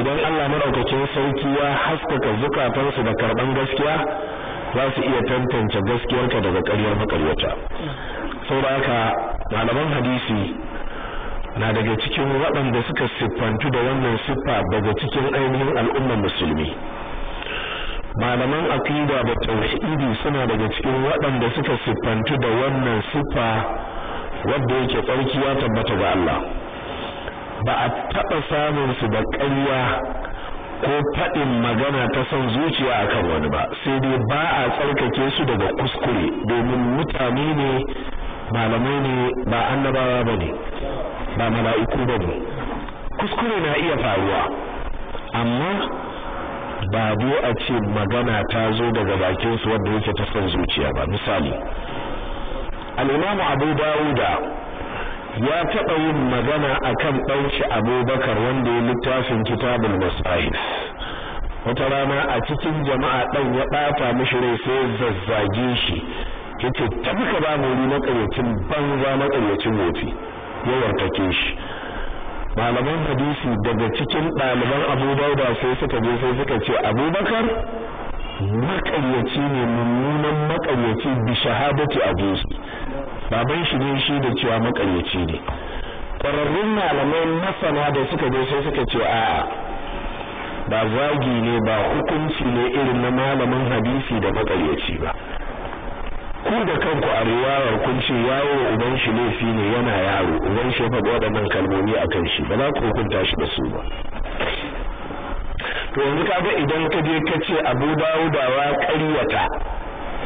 idan Allah madaukakin sauki ya haskaka zukatansu da karɓan gaskiya za su iya tantance gaskiyarka daga ƙaryar makaryata Sauraka, malaman hadisi na daga cikin waɗanda suka siffantu da wannan siffa daga cikin ainihin al'ummar musulmi malaman aqida da tauhidi suna daga cikin waɗanda suka siffantu da wannan siffa wadda yake tsarki ya tabbata ga Allah ba a taɓa samun su da ƙarya ko faɗin magana ta son zuciya akan wani ba sai dai ba a tsarkake su daga kuskure domin mutane ne malamai ne ba annabawa ba ne ba mala'iku ba ne kuskure na iya faruwa amma ba a ce magana ta zo daga bakinsu wadda yake ta son zuciya ba misali al'imamu abu dawuda ya taɓa yin magana a akan ɗauki abubakar wanda ya littafin kitabul masahif wata rana a cikin jama'a ɗan ya ɓata mishi rai sai zazzage shi yace ta ka ba mu makaryacin banza makaryacin wofi ya wartake shi malaman hadisi daga cikin ɗaliban Abu Dauda sai suka je sai suka ce Abubakar makaryaci ne mummunan makaryaci bi shahadati abu baban shi ne shi da cewa makaryaci ne ƙwararrun malamai masana da suka je sai suka ce a'a ba zagi ne ba hukunci ne irin na malamin hadisi da makaryaci ba ku da kanku a riwayar kun ce yawo uban shi laifi ne yana yaro uban shi ya faɗi waɗannan kalmomi a kan shi ba za ku hukunta shi da su ba to yanzu ga idan ka je ka ce Abu Dawuda wa ƙaryata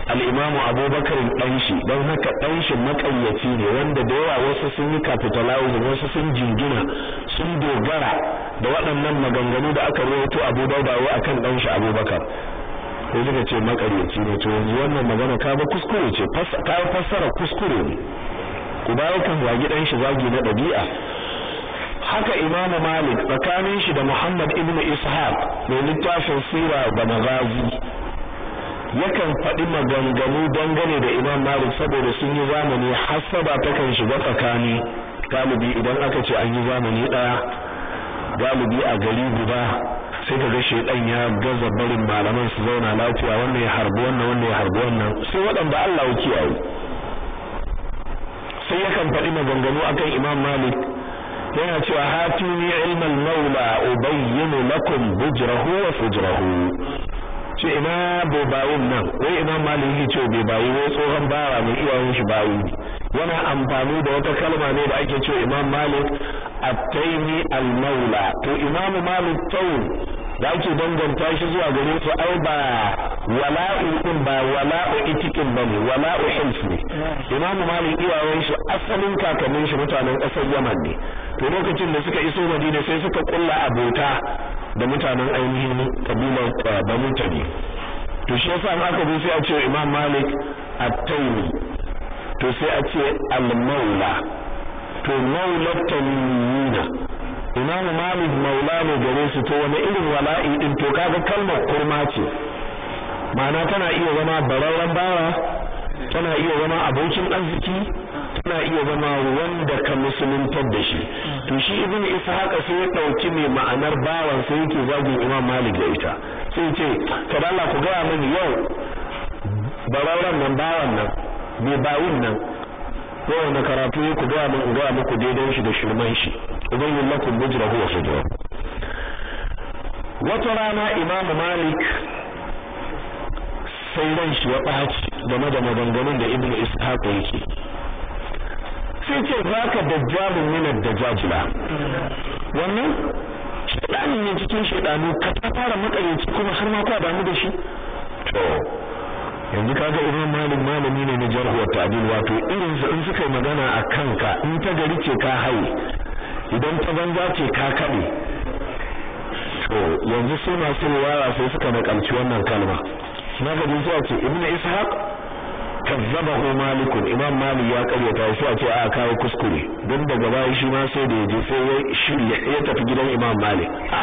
al Abubakar dan shi dan haka dan shi makayyaci ne wanda da yawa wasu sun yi capitalize wasu sun jingina sun dogara da waɗannan maganganu da aka rawaito Abu wa akan dan shi Abubakar sai suka ce makaryaci ne to yanzu wannan magana ka ba kuskure ce ka fassara kuskure ne ku bayo kan zagi dan shi zagi na dabi'a haka imamu malik tsakanin shi da muhammad ibn ishaq mai littafin sira da magazi yakan faɗi maganganu dangane da imam malik saboda sun yi zamani hasaba takan shiga tsakani galibi idan aka ce an yi zamani ɗaya galibi a gari guda sai ka ga shedan ya gaza barin malaman su zauna lafiya wannan ya harbi wannan wannan ya harbi wannan sai waɗanda Allah ya kiyaye sai yakan faɗi maganganu akan Imam Malik yana cewa hatuni ilmal maula ubayyinu lakum bujrahu wa fujrahu ce ina bobayin nan wai Imam Malik yake bai bayi wai tsohon bara mai iyayen shi bayi yana amfani da wata kalma ne da ake cewa imam malik at-taymi al-maula to imam malik tau da ake danganta shi zuwa gare su ai ba wala'u din ba wala'u itikin ne wala'u hilf ne imam malik iyawan shi asalin kakannin shi mutanen kasar yaman ne to lokacin da suka iso madina sai suka kulla abota da mutanen ainihin kabilar eh, banu tabi to shi yasa aka bi sai a ce imam malik at-taymi to sai a ce al-maula to maulatanina imam malik maula ne gare su to wani irin wala'i din to kaga kalmar kurma ce ma'ana tana iya zama bararren bara tana iya zama abokin arziki tana iya zama wanda ka musuluntar da shi to shi ibn ishaq sai ya dauki mai ma'anar bawan sai yake zagin imam malik da ita sai ce to Allah ku gaya mani yau bararren nan bawan nan mai bawun nan ko wanda karatu ku ga mun gaya muku daidan shi da shirman shi ubayyin lakum mujrahu su sujra wata rana imam malik sai ran shi ya ɓaci game da maganganun da ibnu ishaq yake sai ce za zaka dajjalun min ad-dajajila wannan shedani ne cikin shedanu ka ta fara makayyaci kuma har ma ka damu da shi yanzu kaga imam malik malami ne na jarh wa ta'dil wato irin su in suka yi magana a ka in ta gari ce ka hai idan ta banza ce ka kaɗe to yanzu sai masu riwaya sai suka nakalci wannan kalma na gadi zuwa ce ibnu ishaq kazzabahu malik imam malik ya karyata shi a ce a kawo kuskure don daga baya shi ma sai da yaje sai ya shirya ya tafi gidan imam malik a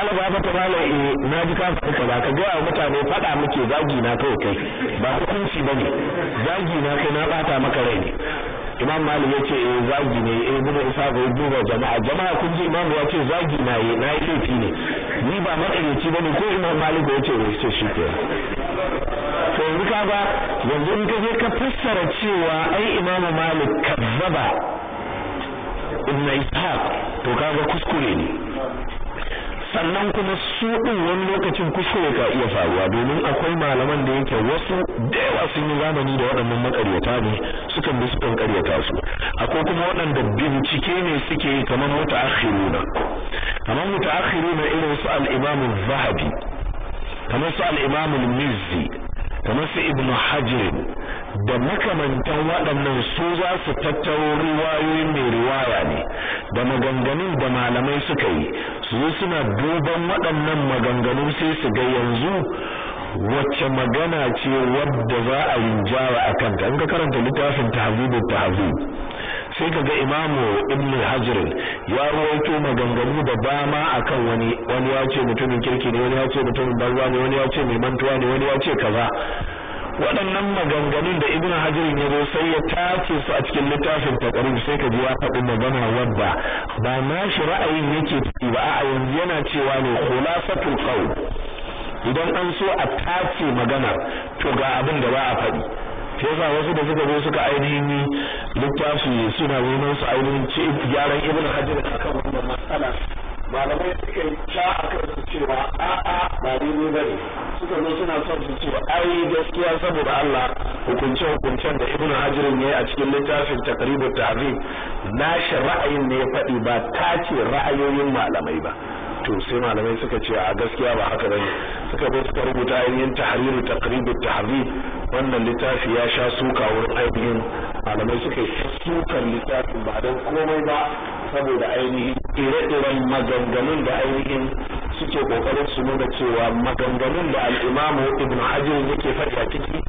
alaba ba ta mala eh na ji ka faɗi kaza ka ga mutane faɗa muke zagi na kai kai ba hukunci bane zagi na kai na bata maka rai ne imam malik ya ce eh zagi ne eh bin isa ga duba jama'a jama'a kun ji imam ya ce zagi na yi na yi laifi ne ni ba matsayinci bane ko imam malik ya ce eh sai shi ke to yanzu kaga yanzu in ka je ka fassara cewa ai imamu malik kazzaba ibn ishaq to kaga kuskure ne sannan kuma su ɗin wani lokacin kuskure ka iya faruwa domin akwai malaman da yake wasu da yawa sun yi zamani da waɗannan makaryata ne sukan bi sukan karyata su akwai kuma waɗanda bincike ne suke yi kamar mutaakhiruna kamar mutaakhiruna irin su al-imam zahabi kamar su al al-mizzi kamar su ibn hajar da makamantan waɗannan su za su tattaro riwayoyin mai riwaya ne da maganganun da malamai suka yi su suna duban waɗannan maganganun sai su ga yanzu wacce magana ce wadda za a rinjawa a kanta in ka karanta littafin tahzibu tahzib sai ka ga imamu ibn hajar ya rawaito maganganu da dama akan wani wani ya ce mutumin kirki ne wani ya ce mutumin banza ne wani ya ce mai mantuwa ne wani ya ce kaza waɗannan maganganun da ibn hajar ya zo sai ya tace su a cikin littafin taqrib sai ka ji ya faɗi magana wadda ba na shi ra'ayin yake ba a'a yanzu yana cewa ne khulasatul qawl idan an so a tace magana to ga abin da ba a faɗi yasa wasu da suka zo suka ainihin yi littafi suna neman su ainihin ce gyaran ibn hajar kan wannan matsala malamai suka yi ta kan su cewa a'a ba daidai ba ne suka zo suna son su ce ai gaskiya saboda Allah hukunce hukuncen da ibn hajar ya yi a cikin littafin taqribut ta'zim nashi ra'ayin ne ya faɗi ba ta ce ra'ayoyin malamai ba to sai malamai suka ce a gaskiya ba haka bane suka bai suka rubuta ainihin tahriru taqribu tahrir wannan littafi ya sha suka wurin ainihin malamai suka yi sukar littafin ba don komai ba saboda ainihin ire-iren maganganun da ainihin suke kokarin su nuna cewa maganganun da al'imamu ibn hajar yake faɗi a ciki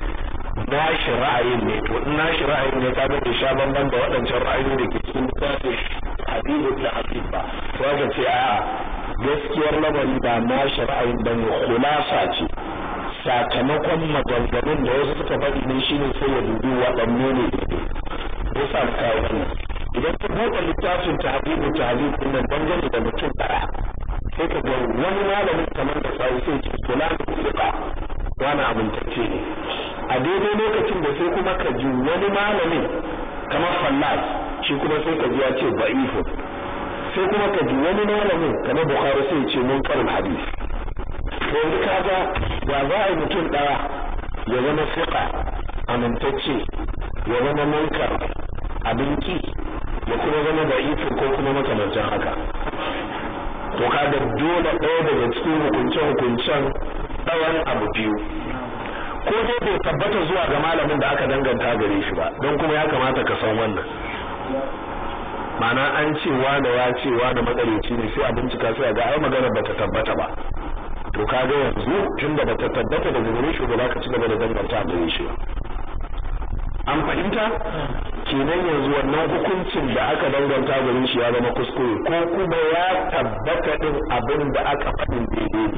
nashi ra'ayin ne to in nashi ra'ayin ne ka bai sha bamban da waɗancan ra'ayoyi da ke cikin littafin habibu da ba to ce a'a gaskiyar lamari ba na shari'ayin ba ne kulasa ce sakamakon maganganun da wasu suka faɗi ne shine sai ya dubi waɗanne ne ya sa kawo wannan idan ka buɗe littafin tahzibu tahzib din nan dangane da mutum ɗaya sai ka ga wani malamin kamar da sai sai ce fulani Ba wani amintacce ne a daidai lokacin da sai kuma ka ji wani malamin kamar fallas shi kuma sai ka ji ya ce ba'ifu sai kuma ka ji wani malamin kamar bukhari sai ce mun karin hadis to yanzu ka ga ya za a yi mutum ɗaya ya zama siƙa amintacce ya zama munkar abinci, ya kuma zama da ko kuma makamancin haka to ka da dole ɗaya daga cikin hukunce-hukuncen tsawon abu biyu ko dai bai tabbata zuwa ga malamin da aka danganta gare shi ba don kuma ya kamata ka san wannan ma'ana an ce da ya ce da magareci ne sai a bincika sai a ga ai magana ba ta tabbata ba to ka ga yanzu tunda ba ta tabbata da ba za ka ci gaba da danganta da shi an fahimta kenan yanzu wannan hukuncin da aka danganta gurin shi ya zama kuskure ko kuma ya tabbata din abin da aka faɗin daidai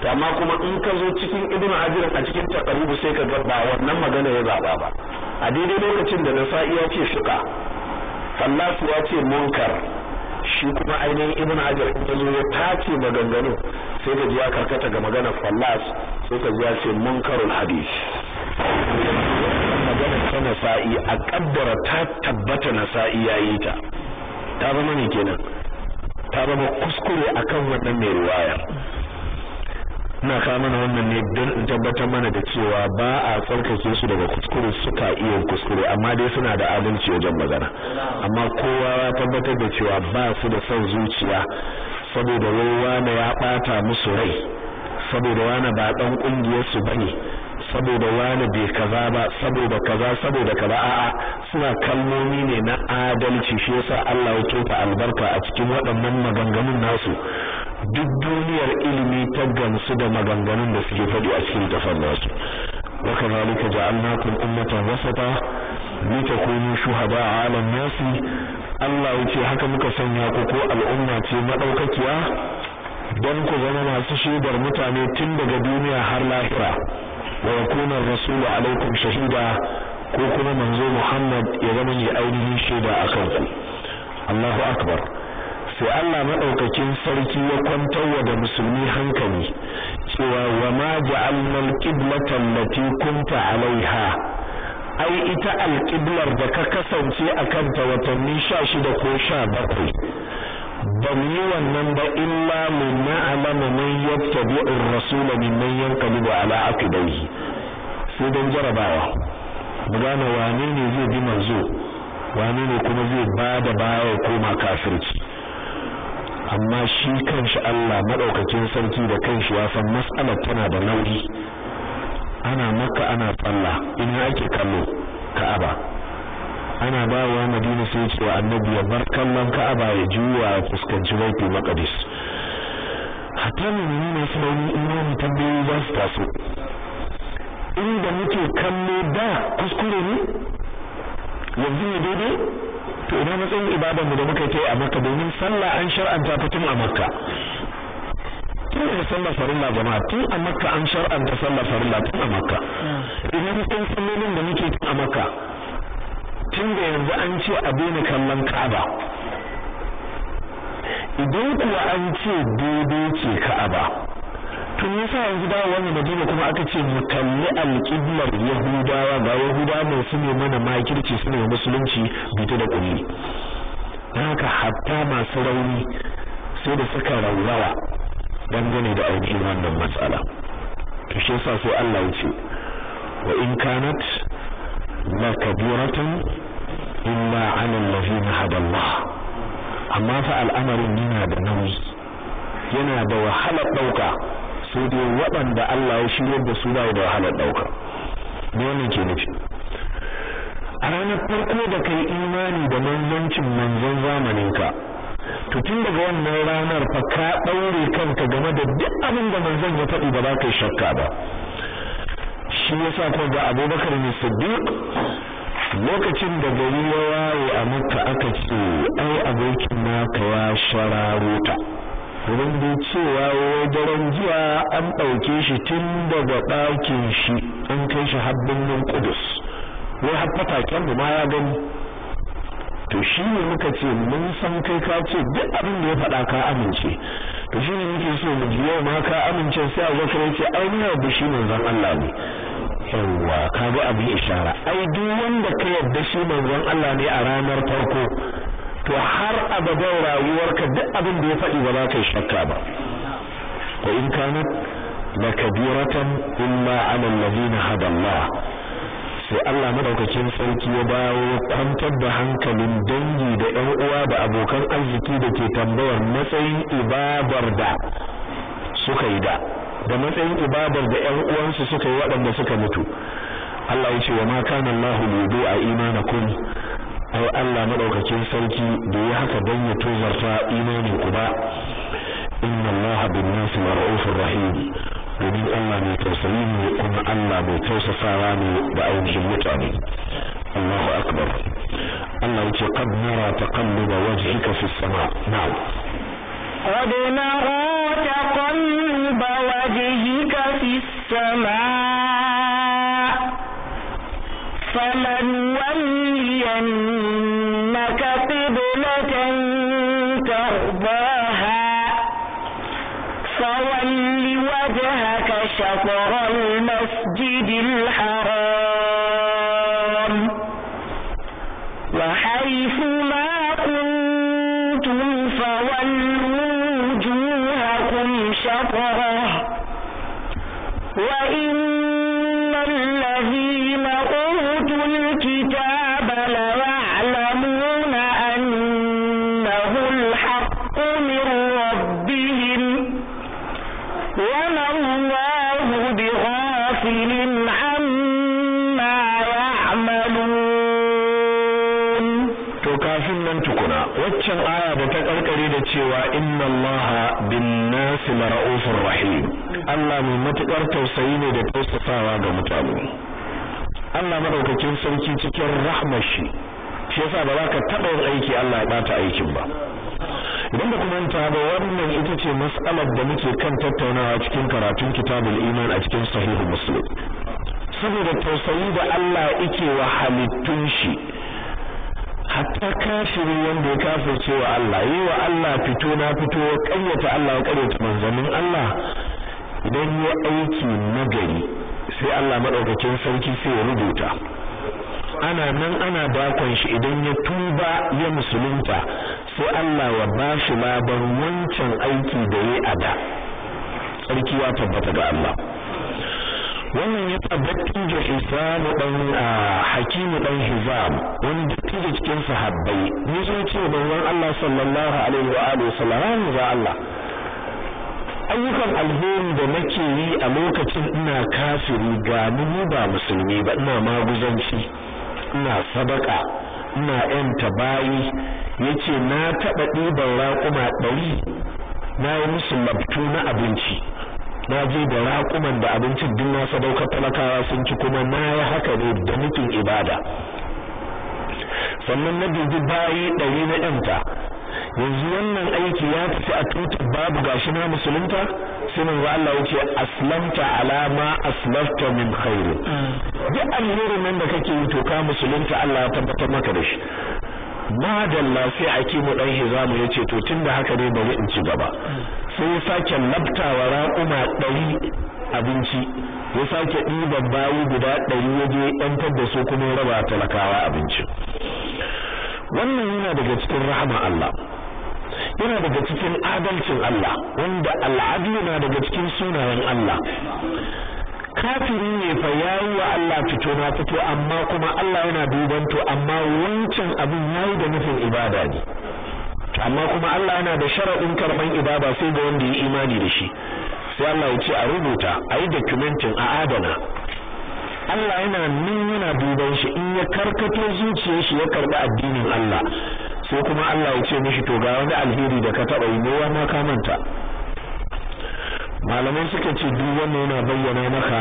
ne amma kuma in ka zo cikin ibnu hajar a cikin takaribu sai ka ga ba wannan magana ya zaba ba a daidai lokacin da nasa'i ya ce shuka fallatu ya ce munkar shi kuma ainihin ibn hajar in yazo ya tace maganganu sai ka ya karkata ga maganar fallas sai ka ya ce munkarul hadith maganar ta nasa'i a kaddara ta tabbata nasa'i yayi ta ta zama ne kenan ta zama kuskure akan wannan mai riwaya na kawo wannan ne don in tabbatar mana da cewa ba a tsarkake su daga kuskure suka iya kuskure amma dai suna da abinci wajen magana amma kowa ya tabbatar da cewa ba su da son zuciya saboda rowa ya bata musu rai saboda wani ba dan kungiyar su bane saboda wani bai kaza ba saboda kaza saboda kaza a'a suna kalmomi ne na adalci shi yasa Allah ya tofa albarka a cikin waɗannan maganganun nasu duk duniyar ilimi ta gamsu da maganganun da suke faɗi a cikin tafar nasu wa kadhalika ja'alnakum ummatan wasata litakunu shuhada 'ala an-nasi Allah ce haka muka sanya ku ko al'umma ce madaukakiya don ku zama masu shaidar mutane tun daga duniya har lahira wa yakuna rasulu 'alaykum shahida ko kuma manzo Muhammad ya zama ne ainihin shaida a kanku. Allahu akbar sai Allah maɗaukacin sarki ya kwantar da musulmi hankali cewa wa ma ja'alna al-qiblata allati kunta 'alayha ai ita al-qiblar da ka kasance a kanta watanni 16 ko 17 ba mu yi wannan ba illa mun na'lama man yattabi'u ar-rasula mimman yanqalibu 'ala aqibaihi sai dan jarabawa mu gane wane ne zai bi manzo wane ne kuma zai bada baya koma kafirci amma shi kanshi Allah madaukakin sarki da kanshi ya san mas'alar tana da nauyi ana maka ana tsalla ina ake kallo ka'aba ana bawa madina sai ce wa annabi ya bar kallon ka'aba ya juya ya fuskanci baiti maqdis hatta ne ne su rauni imani tambayoyi za su taso inda muke kallo da kuskure ne yanzu ne daidai to ina matsayin ibadar mu da muka ta yi a makka domin sallah an shar'anta ta tun a makka tun da sallah farilla jama'a tun a makka an shar'anta sallah farilla tun a makka ina matsayin sallolin da muke tun a makka tun da yanzu an ce a daina kallon ka'aba idan kuwa an ce daidai ce ka'aba to me yasa yanzu dawowar mu Madina kuma aka ce mu kalli alƙiblar Yahudawa ga Yahudawa ne su ne mana makirci su ne musulunci bita da kulli haka hatta masu rauni sai da suka raurawa dangane da aiki wannan matsala to shi yasa sai Allah ya ce wa in kanat la kabiratan illa 'ala allazina hadallah amma fa al'amarin yana da nauyi yana da wahalar ɗauka sai dai waɗanda Allah ya shirya da su bai da wahalar ɗauka dole ke nufi a ranar farko da kai imani da manzancin manzon zamaninka to tun daga wannan ranar fa ka ɗaure kanka game da duk abin da manzon ya faɗi ba za ka yi shakka ba shi yasa ko da Abubakar ne Siddiq lokacin da gari ya waye a Makka aka ce ai abokin naka ya shararuta domin dai cewa daren jiya an ɗauke shi tun daga ɗakin shi an kai shi har birnin kudus wai har fataken mu ma ya gani to shi ne muka ce mun san kai ka ce duk abin da ya faɗa ka amince to shi ne muke so mu ji yau ma ka amince sai a ya ce ai ni yadda shi manzon Allah ne yawwa ka ga abin ishara ai duk wanda ka yarda shi manzon Allah ne a ranar farko to har abadan rayuwarka duk abin da ya faɗi ba za ka yi shakka ba wa in kanat la kabiratan illa ala alladhina hada sai Allah madaukakin sarki ya bawo kwantar da hankalin dangi da ƴan uwa da abokan arziki da ke tambayar matsayin ibadar da suka yi da da matsayin ibadar da ƴan uwansu suka yi waɗanda suka mutu Allah ya ce wa ma kana Allahu yudi'a imanakum ai Allah madaukakin sarki da ya haka dan ya tozarta imanin ku ba inna Allah bin nasi ma'rufur rahim domin Allah mai tausayi ne kuma Allah mai tausasawa ne da ainihin mutane Allahu akbar Allah yace qad nara taqalluba wajhika fi sama' na'am قد نرى تقلب وجهك في السماء فلنولينك قبلة ترضاها فول وجهك شطر المسجد الحرام ra'ufur rahim Allah mai matukar tausayi ne da tausasawa ga mutane Allah madaukakin sarki cikin rahmar shi shi yasa ba za ka taɓa yin aiki Allah ya bata aikin ba idan ba ku manta ba wannan ita ce mas'alar da muke kan tattaunawa cikin karatun kitabul iman a cikin sahihu muslim saboda tausayi da Allah yake wa halittun shi hatta kafiri wanda ya kafirce wa Allah yi wa Allah fito na fito ya kayyata Allah ya ƙaryata manzannin Allah idan yi aiki nagari sai Allah maɗaukacin sarki sai ya rubuta ana nan ana bakon shi idan ya tuba ya musulunta sai Allah ya ba shi labar wancan aiki da ya ada sarki ya tabbata ga Allah wannan ya sa dattijo Hisam dan Hakim dan Hizam wani dattijo cikin sahabbai ya zo ce manzon Allah sallallahu alaihi wa alihi wasallam za Allah ayyukan alheri da nake yi a lokacin ina kafiri ga ni ba musulmi ba ina maguzanci ina sadaka ina yanta bayi yace na taba ɗiban raƙuma ɗari na yi musu labtu na abinci na je da raƙuman da abincin duk na sadaukar talakawa sun ci kuma na yi haka ne da nufin ibada sannan na dubi bayi ɗari na ɗanta, yanzu wannan aiki ya tafi a tutar babu gashi na musulunta sai manzo Allah yake aslamta ala ma aslafta min khair mm. duk alherin nan da kake yi to ka musulunta Allah ya tabbatar maka da shi madalla sai akimu dan hizamu yace to tunda haka ne bari in ci gaba mm. sai ya sake labtawa raƙuma ɗari abinci ya sake ɗiban bayi guda ɗari waje yantar da su kuma raba talakawa abinci wannan yana daga cikin rahama Allah yana daga cikin adalcin Allah wanda al'adu yana daga cikin sunayen Allah kafiri ne fa yayi wa Allah fito na fito amma kuma Allah yana duban to amma wancan abin yayi da nufin ibada ne amma kuma Allah yana da sharaɗin karban ibada sai ga wanda ya imani da shi sai Allah ya ce a rubuta a yi documentin a adana Allah yana nan yana duban shi in ya karkato zuciyar shi ya karɓi addinin Allah sai kuma Allah ya ce mishi to ga wani alheri da ka taba yi ne ma ka manta malaman suka ce duk wannan yana bayyana maka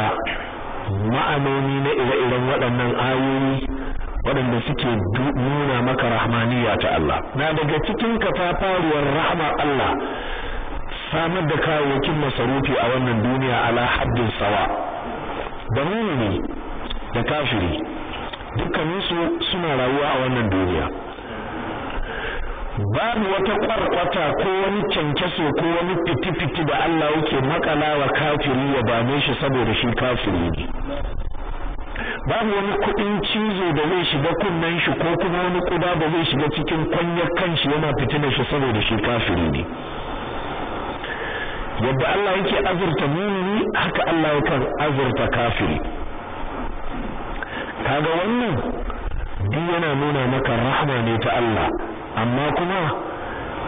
ma'anoni na ire-iren waɗannan ayoyi waɗanda suke nuna maka rahmaniya ta Allah na daga cikin kafafaruwar rahmar Allah samar da kayayyakin masarufi a wannan duniya ala haddin sawa da mumini da kafiri dukkaninsu suna rayuwa a wannan duniya babu wata kwarkwata ko wani kyankyaso ko wani fitifiti da Allah yake makala wa kafiri ya dame shi saboda shi kafiri ne babu wani kuɗin cizo da zai shiga kunnen shi ko kuma wani kuda da zai shiga cikin kwanyar kanshi yana fitina shi saboda shi kafiri ne yadda Allah yake azurta mumini haka Allah yakan azurta kafiri kaga wannan duk yana nuna maka rahma ne ta Allah amma kuma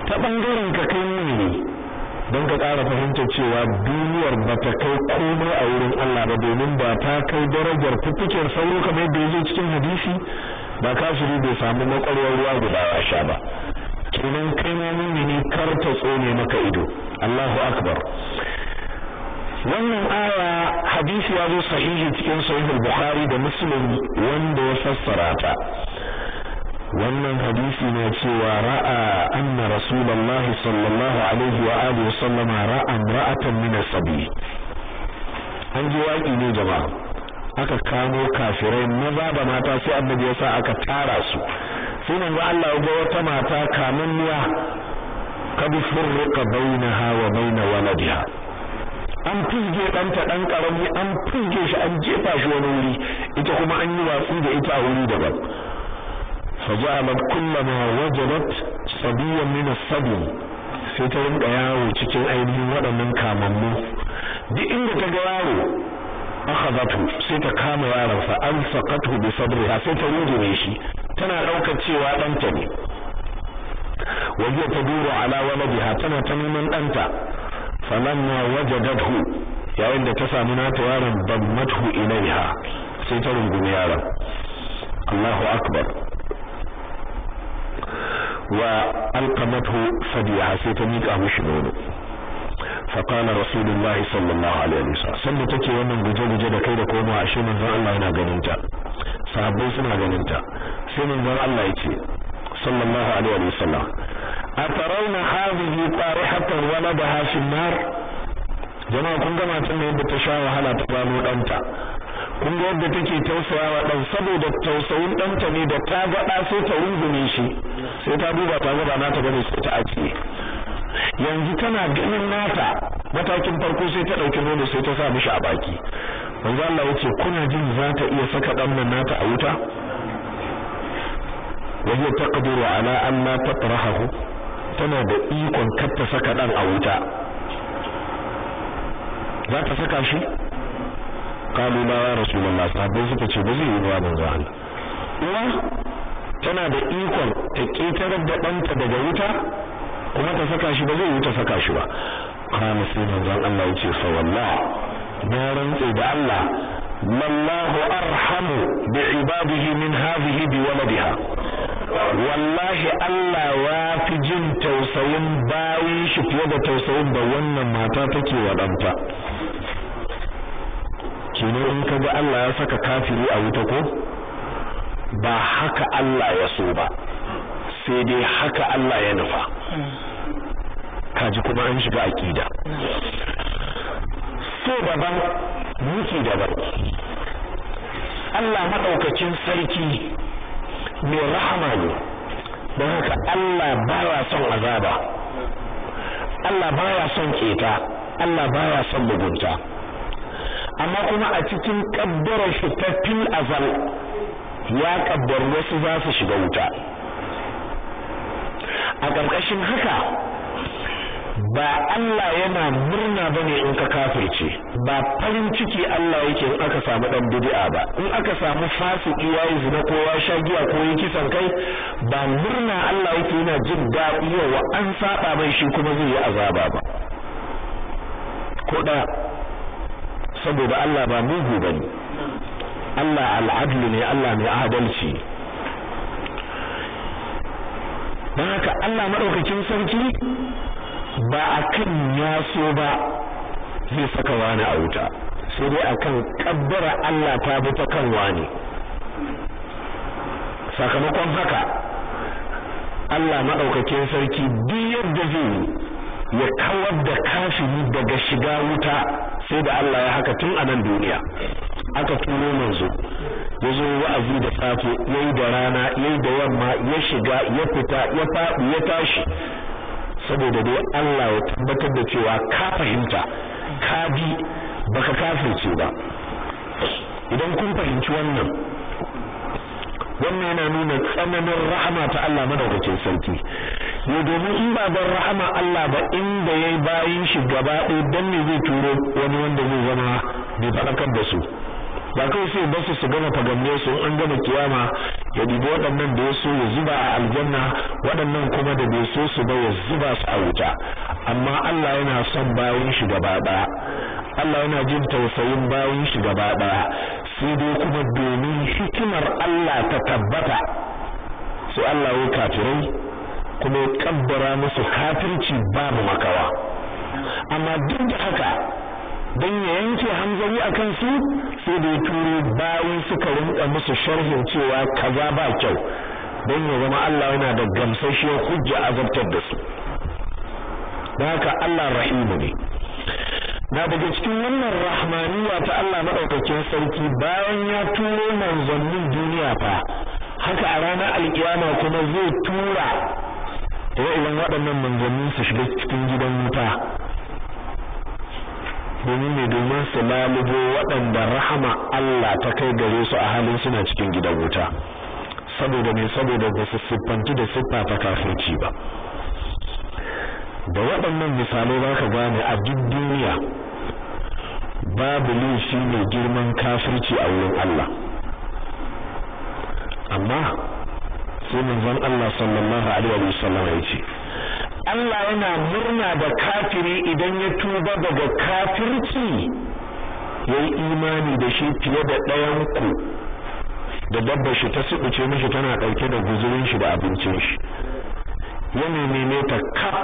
ta bangaren ka kai ne don ka ƙara fahimta cewa duniyar ba ta kai komai a wurin Allah ba domin ba ta kai darajar fitikin sauro kamar yadda ya cikin hadisi ba kafiri bai samu makwarwar ruwa guda a sha ba kenan kai ma mumini kar ta tsone maka ido Allahu akbar wannan aya hadisi ya zo sahihi cikin sahihul bukhari da muslim wanda ya fassara ta wannan hadisi ne cewa ra'a anna rasulullah sallallahu alaihi wa alihi wa sallama ra'a ra'atan min asabi an ji waki ne jama'a aka kamo kafirai maza da mata sai annabi ya sa aka tara su sai ga Allah ya ga wata mata kamanniya kad furqa bainaha wa bain waladiha an fige danta dan karami an fige shi an jefa shi wani wuri ita kuma an yi watsi da ita a wuri daban faja'alat kullama wajadat sabiyan min as-sabi sai ta rinka yawo cikin ainihin waɗannan kamammu duk inda ta ga yawo akhadatu sai ta kama yaron fa ansaqathu bi sadriha sai ta rungume shi tana ɗaukar cewa ɗanta ne wajen ta duro ala biha tana ta neman na waje dadhu yayin da ta samu nata yaron dammathu ilaiha sai ta rungume yaron Allahu akbar wa alqamathu Sadiya sai ta mika mushi nono فقال رسول الله alaihi الله عليه وسلم sannan take wannan guje-guje da kai da koma a ashe manzon Allah yana ganin ta sahabbai suna ganin ta sai manzon Allah ya ce sallallahu alaihi wasallam atarawna hadhihi qarihatan waladaha fi nar jama'a kun ga matan ne da ta sha wahala ta gano danta kun ga yadda take tausayawa dan saboda tausayin ɗanta ne da ta gaɗa sai ta rungume shi sai ta duba ta gaba nata bane sai ta ajiye yanzu tana ganin nata matakin farko sai ta ɗauki nono sai ta sa mishi a baki manzo Allah yace kuna jin za ta iya saka dan nan nata a wuta wani ta taqdiru ala an la tana da ikon kar ta saka dan a wuta za ta saka shi qalu la ya rasulullah suka ce ba zai yi ba manzo Allah uwa tana da ikon ta ketarar da ɗanta daga wuta kuma ta saka shi ba zai yi saka shi ba kana sai manzon Allah ya ce na rantse da Allah lallahu arhamu bi ibadihi min hadhihi bi waladiha wallahi Allah ya fi jin tausayin bayin shi fiye da tausayin da wannan mata take waɗanta. kenan in kaga Allah ya saka kafiri a wuta ko ba haka Allah ya so ba sai dai haka Allah ya nufa kaji kuma an shiga aqida so daban muke daban Allah madaukakin sarki mai rahama ne don haka Allah baya son azaba Allah baya son keta Allah baya son mugunta amma kuma a cikin kaddarar shi ta fil azal ya kaddar wasu za su shiga wuta a ƙarƙashin haka ba Allah yana murna ba ne in ka kafirce ba farin ciki Allah yake in aka samu ɗan bid'a ba in aka samu fasiki yi zina ko ya sha giya ko yi kisan kai ba murna Allah yake yana jin daɗi wa an saɓa mai shi kuma zai yi azaba ba ko da saboda Allah ba mugu ba bane Allah al'adlu ne Allah mai adalci Ba haka Allah madaukakin sarki ba akan yaso ba zai saka wani a wuta sai dai akan kabbara Allah ta bi ta kan wani sakamakon haka Allah madaukakin sarki duk yadda zai ya kawar da kafiri daga shiga wuta sai da Allah ya haka tun a nan duniya aka turo manzo ya zo wa'azi da safe yayi da rana yayi da yamma ya shiga ya fita ya faɗi ya tashi saboda dai Allah ya tabbatar da cewa ka fahimta ka bi baka kafirce ba idan kun fahimci wannan wannan yana nuna tsananin rahama ta Allah madaukakin sarki ne domin in ba don rahama Allah ba inda yayi bayin shi gaba ɗaya dan ne zai turo wani wanda zai zama bai faɗakar da su ba kai sai ba su gama fagamne su an gama kiyama ya dibi waɗannan da ya so ya zuba a aljanna waɗannan kuma da bai so su ba ya zuba su a wuta amma Allah yana son bayan shi gaba ɗaya Allah yana jin tausayin bayan shi gaba ɗaya sai dai kuma domin hikimar Allah ta tabbata sai Allah ya kafirai kuma ya kabbara musu kafirci babu makawa amma duk da haka don ya yanke hanzari a kansu sai da ya turo bayi suka rinka musu sharhin cewa kaza ba kyau don ya zama Allah yana da gamsashiyar hujja azabtar da su da haka Allah rahimu ne na daga cikin wannan rahmaniya ta Allah maɗaukakin sarki bayan ya turo manzannin duniya fa haka a ranar alkiyama kuma zai tura da waɗannan manzannin su shiga cikin gidan wuta domin ne domin su lalubo waɗanda rahama Allah ta kai gare su a halin suna cikin gidan wuta saboda mai saboda ba su siffantu da siffa ta kafirci ba da waɗannan misalai za ka gane a duk duniya babu shi mai girman kafirci a wurin Allah amma sai manzon Allah sallallahu alaihi wa ya ce Allah yana murna da kafiri idan ya tuba daga kafirci yi imani da shi fiye da ɗayan ku da dabba shi ta subuce mishi tana ɗauke da guzurin shi da abincin shi ya neme ta kaf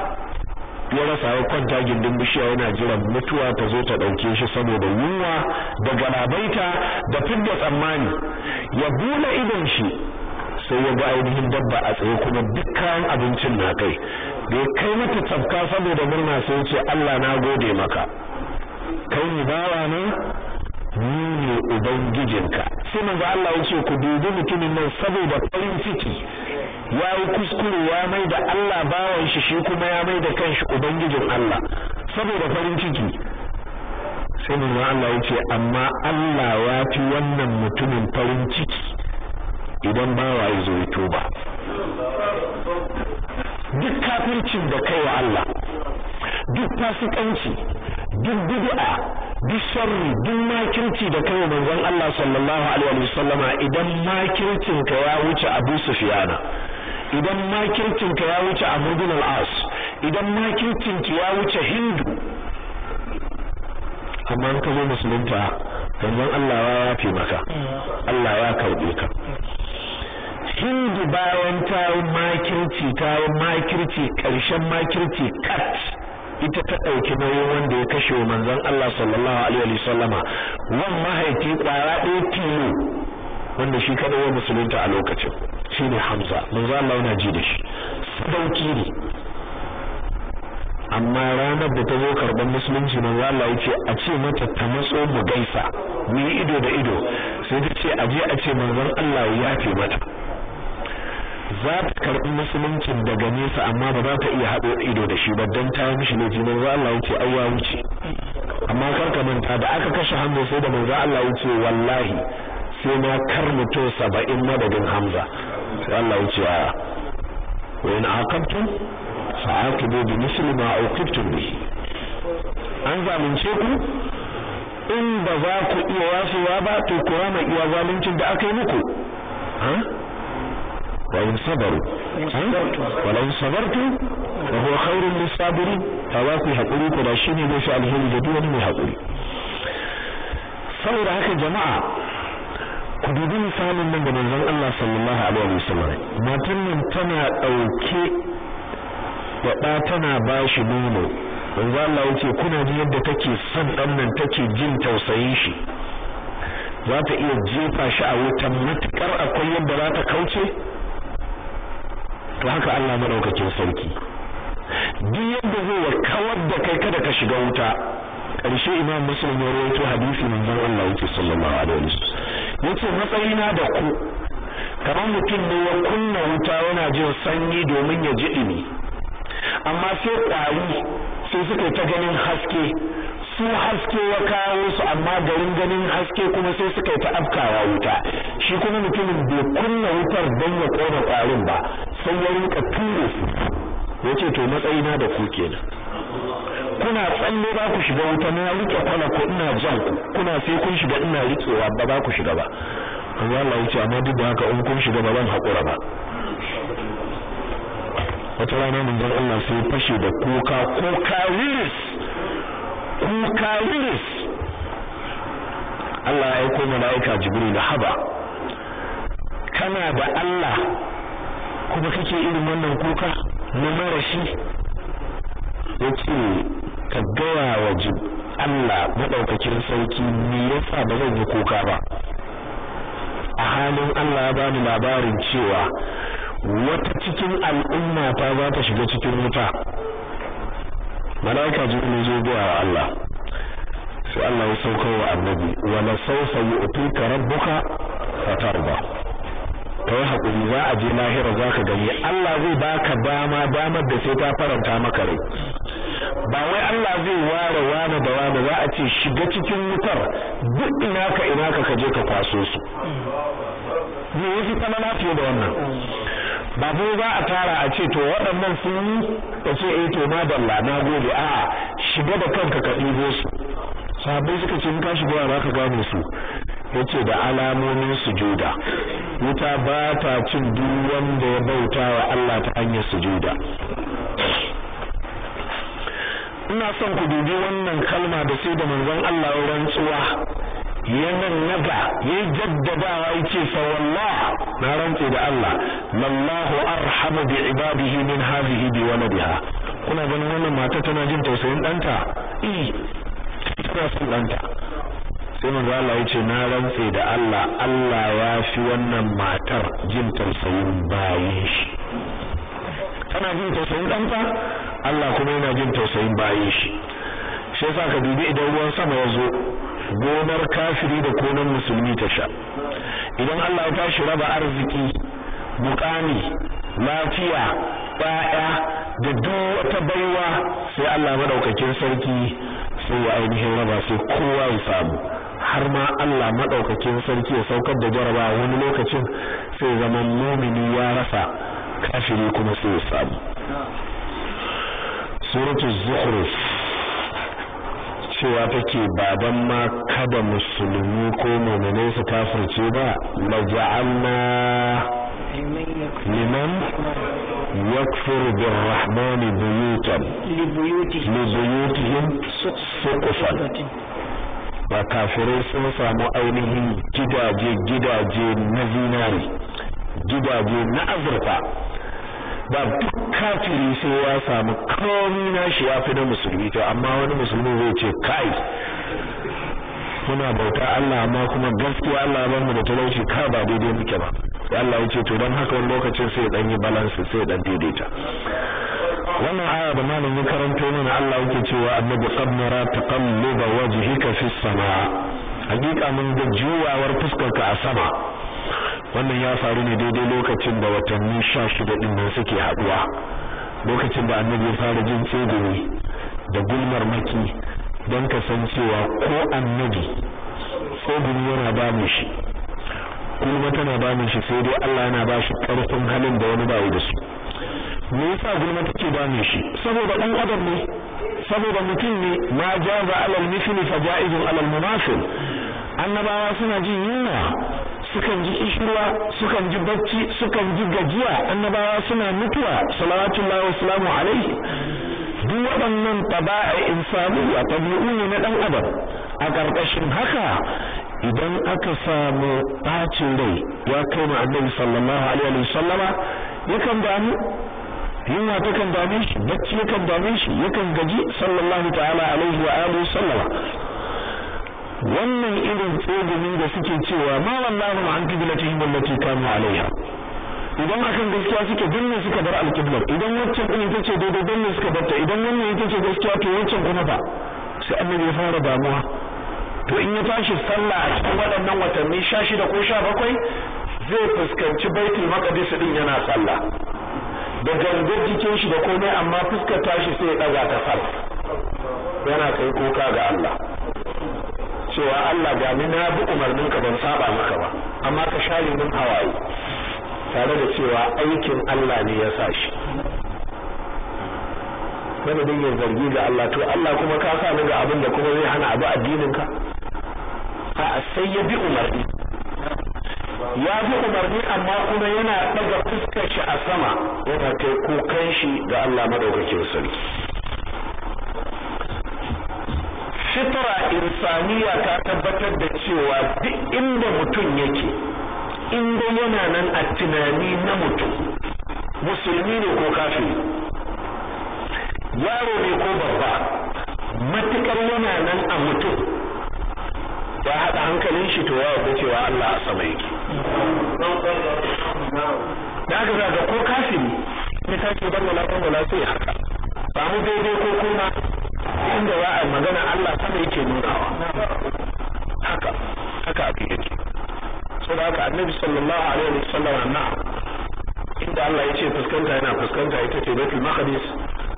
ya rasa ya kwanta gindin bishiya yana jiran mutuwa ta zo ta ɗauke shi saboda yunwa da galabaita da fidda tsammani ya bula idon shi sai ya ga ainihin dabba a tsaye kuma duk kayan abincin na kai da ya kai mata tafka saboda murna sai ce Allah na gode maka kai ni bawa ne ni ne ubangijinka sai manzo Allah ya ce ku dubi mutumin nan saboda farin ciki ya yi kuskure ya mai da Allah bawan shi shi kuma ya mai da kanshi ubangijin Allah saboda farin ciki sai manzo Allah ya ce amma Allah ya fi wannan mutumin farin ciki idan bawa ya zo ya tuba duk kafircin da kai wa Allah duk fasikanci duk bid'a duk sharri duk makirci da kai manzon Allah sallallahu alaihi wasallam idan makircin ka ya wuce Abu Sufyana idan makircin ka ya wuce Abu bin as idan makircin ki ya wuce Hindu amma ka zo musulunta manzon Allah ya yafe maka Allah ya karbe ka hindi bayan ta makirci ta makirci ƙarshen makirci kat ita ta ɗauki nauyin wanda ya kashe wa manzon Allah sallallahu alaihi wa sallama wan mahaifi ƙwara ɗaya tilo wanda shi kada ya musulunta a lokacin shine Hamza manzon Allah yana ji da shi sadauki ne amma ranar da ta zo karban musulunci manzo Allah yace a ce mata ta matso mu gaisa mu yi ido da ido sai ta ce aje a ce manzon Allah ya fi mata za ta karɓi musuluncin daga nesa amma ba za ta iya haɗo ido da shi ba don ta yi mishi laifi za Allah wuce ce wuce amma kar ka manta da aka kashe hannu sai da manzo Allah wuce wallahi sai na mutu saba'in madadin Hamza sai Allah ya ce a wa in aqabtum fa'aqibu bi misli ma uqibtum bihi an zalunce ku in ba za ku iya wasuwa ba to ku rama iya zaluncin da aka yi muku ha وإن صبروا ولو صبرتم فهو خير للصابرين فواكي هقولي كداشيني بيش الهيل جديد من هقولي saboda haka jama'a ku dubi misalin nan da manzon Allah sallallahu alaihi wasallam matan nan tana dauke da tana bashi nono manzo Allah yace kuna ji yadda take son ɗan nan take jin tausayin shi za ta iya jefa shi a wutan matukar akwai yadda za ta kauce to haka Allah madaukakin sarki duk yadda zai ya kawar da kai kada ka shiga wuta ƙarshe imam muslim ya rawaito hadisi zan Allah yake sallallahu alaihi wasallam yace matsayina da ku kamar mutum ne ya kunna wuta yana jin sanyi domin ya ji ɗumi amma sai ƙwari sai suka ta ganin haske su haske ya kawo su amma garin ganin haske kuma sai suka yi ta afkawa wuta shi kuma mutumin bai kunna wutar don ya kona kwarin ba sai ya rinka ture su yace to matsayina da ku kenan kuna tsalle ba ku shiga wuta na rike kwana ko ina jan ku kuna sai kun shiga ina rikewa ba ba ku shiga ba amma Allah yace amma duk da haka in kun shiga ba ban hakura ba wata rana zan Allah sai fashe da kuka ko kawiris kuka wiris Allah ya aiko mala'ika Jibril haba kana da Allah kuma kake irin wannan kuka na marashi ya ce ka gaya wa Allah maɗaukakin sauki me yasa ba zan yi kuka ba a halin Allah ya bani labarin cewa wata cikin al'umma ta za ta shiga cikin wuta malaika ne zo biya wa Allah sai Allah ya sauka wa annabi wa la sawfa yu'tika rabbuka fatarda kai hakuri za a je lahira za ka gani Allah zai baka dama damar da sai ta faranta maka rai ba wai Allah zai ware wani da wani za a ce shiga cikin wutar duk ina ka ina ka kaje ka kwaso su me yafi na fiye da wannan ba zai za a tara a ce to waɗannan sun yi da ce eh to ma dalla na gobe a shiga da kanka ka ɗibo su sabbin suka ce in ka shiga za ka gane su yace da alamomin sujuda wuta ba ta cin duk wanda ya bauta wa Allah ta hanyar sujuda ina son ku dubi wannan kalma da sai da manzon Allah ya rantsuwa ya nannaga ya jaddadawa yace fa wallah na rantse da Allah lallahu arhamu bi ibadihi min hadhihi bi waladiha kuna ganin wannan mata tana jin tausayin danta eh tana son sai manzo Allah ya ce na rantse da Allah Allah ya fi wannan matar jin tausayin bayin shi tana jin tausayin ɗanta Allah kuma yana jin tausayin bayin shi shi yasa ka dubi idan ruwan sama ya zo gonar kafiri da konan musulmi ta sha idan Allah ya tashi raba arziki mukami lafiya baya, da duk ta baiwa sai Allah madaukakin sarki sai ya ainihin raba sai kowa ya samu har ma Allah madaukakin sarki ya saukar da jaraba wani lokacin sai zaman mumini ya rasa kafiri kuma sai ya samu suratul zuhruf cewa take baban ma kada musulmi ko mu'minai su kafirce ba la ja'alna liman يكفر بالرحمن بيوتا لبيوتهم سقفا wa kafirai sun samu ainihin gidaje gidaje na zinari gidaje na azurfa ba duk kafiri sai ya samu komi na shi ya fi na musulmi to amma wani musulmi zai ce kai muna bauta Allah amma kuma gaskiya Allah ban mu da talauci ka ba daidai muke ba sai Allah ya ce to dan haka wani lokacin sai dan yi balance sai dan daidaita wannan aya da malam ya karanto mana Allah yake cewa annabi qad nara taqalluba wajhika fi samaa hakika mun ga juyawar fuskarka a sama wannan ya faru ne daidai lokacin da watanni 16 din nan suke haduwa lokacin da annabi ya fara jin tsegumi da gulmar maki don ka san cewa ko annabi tsegumi yana mu shi gulma tana bamu shi sai dai Allah yana ba shi karfin halin da wani bai da su me yasa gulma take dame shi saboda dan adam ne saboda mutum ne ma jaza alal mithli fa jaizun alal munafiq annabawa suna jin yunwa sukan ji kishirwa sukan ji bacci sukan ji gajiya annabawa suna mutuwa salawatullahi wasalamu alaihi duk waɗannan taba'i insaniya tabi'u ne na dan adam a ƙarƙashin haka idan aka samu bacin rai ya kai mu annabi sallallahu alaihi wasallama yakan damu yunwa ta kan dame shi bacci kan dame shi yakan gaji sallallahu ta'ala alaihi wa alihi sallama wannan irin tsogumi da suke cewa ma wallahu an qiblatihim allati kanu alaiha idan akan gaskiya suke danne suka bar alqiblar idan waccan din ita ce daidai danne suka bar ta idan wannan ita ce gaskiya to waccan kuma ba sai annabi ya fara damuwa to in ya tashi sallah a cikin waɗannan watanni sha shida ko sha bakwai, zai fuskanci baitul maqdis din yana sallah da gangar jikin shi da komai amma fuskar tashi sai ya daga ta sal yana kai kuka ga Allah cewa Allah ga ni na bi umarnin ka ban saba maka ba amma ka share min hawaye tare da cewa aikin Allah ne ya sa shi madadin ya zargi ga Allah to Allah kuma ka sa ni ga abin da kuma zai hana abu addinin ka a sai ya bi umarni ya fi umarni amma kuma yana ɗaga fuskar shi a sama yana kai kukan shi ga Allah madaukakin sarki fitra insaniya ta tabbatar da cewa duk inda mutum yake inda yana nan a tunani na mutum musulmi ne ko kafiri yaro ne ko babba matukar yana nan a mutum ya haɗa hankalin shi to ya yarda cewa Allah a sama yake da haka ga ko kafiri ya tashi ban wala ban wala sai haka ba mu daidai ko kuma inda za a magana Allah sama yake nunawa haka haka abin yake da haka annabi sallallahu alaihi wa wasallam na inda Allah ya ce fuskanta yana fuskanta ita ce Baitul Maqdis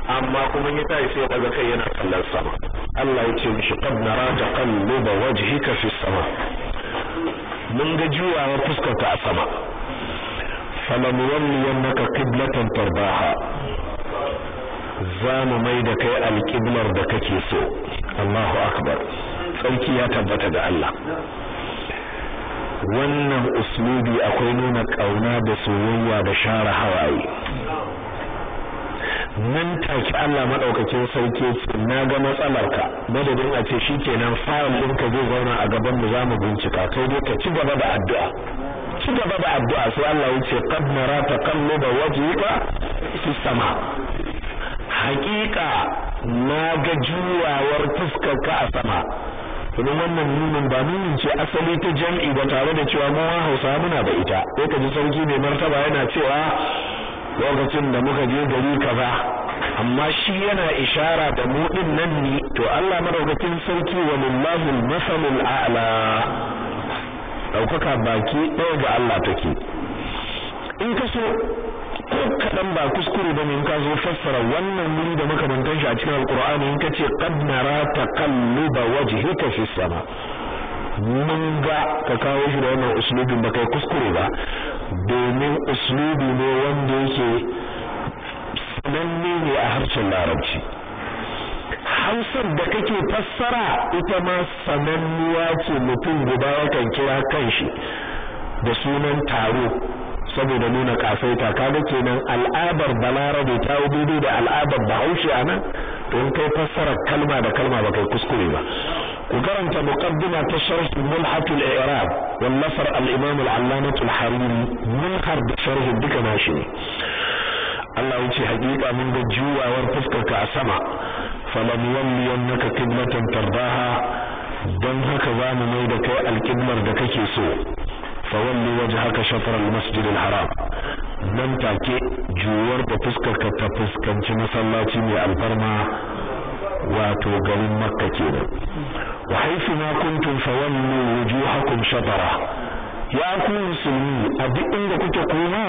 amma kuma ya tashi sai daga kai yana kallon sama Allah ya ce mishi qad nara taqalluba wajhika fi sama mun ga juyawa fuskarka a sama falam walliyannaka qiblatan tarbaha za mu mai da kai alƙiblar da kake so Allahu akbar Tsarki ya tabbata ga Allah wannan uslubi akwai nuna ƙauna da soyayya da share hawaye nan take Allah madaukakin sarki ce na ga matsalarka madadin a ce shikenan fayil ka zai zauna a gaban mu zamu bincika kai dai ka ci gaba da addu'a ci gaba da addu'a sai Allah ya ce qad marata taqalluba wajhika fi sama haƙiƙa na ga juyawar ka a sama domin wannan nunin ba nunin ce asali ta jam'i ba tare da cewa mu Hausa muna da ita sai ka ji sarki mai martaba yana cewa lokacin da muka je gari kaza amma shi yana ishara da mu din nan ne to Allah madaukakin sarki wa lillahi al-masalul a'la daukaka baki ɗaya ga Allah take in ka so ko kaɗan ba kuskure ba in ka zo fassara wannan wuri da makamantan shi a cikin alkur'ani in ka ce qad nara taqalluba wajhika fi sama mun ga ka kawo shi da wannan uslubin ba kai kuskure ba domin uslubi ne wanda yake sananne ne a harshen larabci hausar da kake fassara ita ma sananniya ce mutum guda yakan kira shi da sunan taro saboda nuna kasaita kaga kenan al'adar balarabe ta daidai da al'adar bahaushe a nan don kai fassara kalma da kalma ba kai kuskure ba ku karanta muqaddima ta sharh mulhat al-i'rab wal nasr al-imam al-allamah al-hariri mulhar da sharh duka nashi ne Allah ya ce hakika mun ga juwawar fuskarka a sama falam yalliyannaka qiblatan tardaha dan haka za mu mai da kai alƙiblar da kake so fawalli wajhaka shatr al-masjid al-haram nan take juwar da fuskarka ta fuskanci masallaci mai alfarma wato garin makka kenan wa haifu ma kuntum fawallu wujuhakum shatara ya ku musulmi a duk inda kuke koma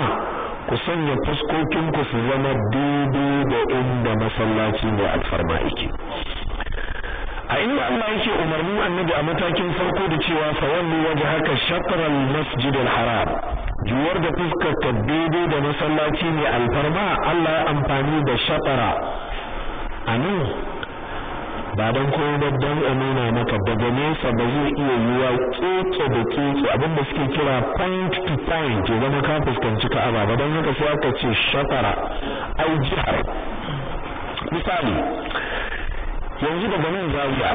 ku sanya fuskokin ku su zama daidai da inda masallaci ne alfarma yake a inda Allah yake umarni annabi a matakin farko da cewa fawallu waje haka al-masjid haram juwar da fuskar ka daidai da masallaci ne alfarma Allah ya amfani da a anan ba don komai ba nuna maka daga nesa ba zai iya yiwa keke da keke abin da suke kira point to point ya zama ka fuskanci ka ba don haka sai aka ce shakara ai jihar misali yanzu daga nan zawiya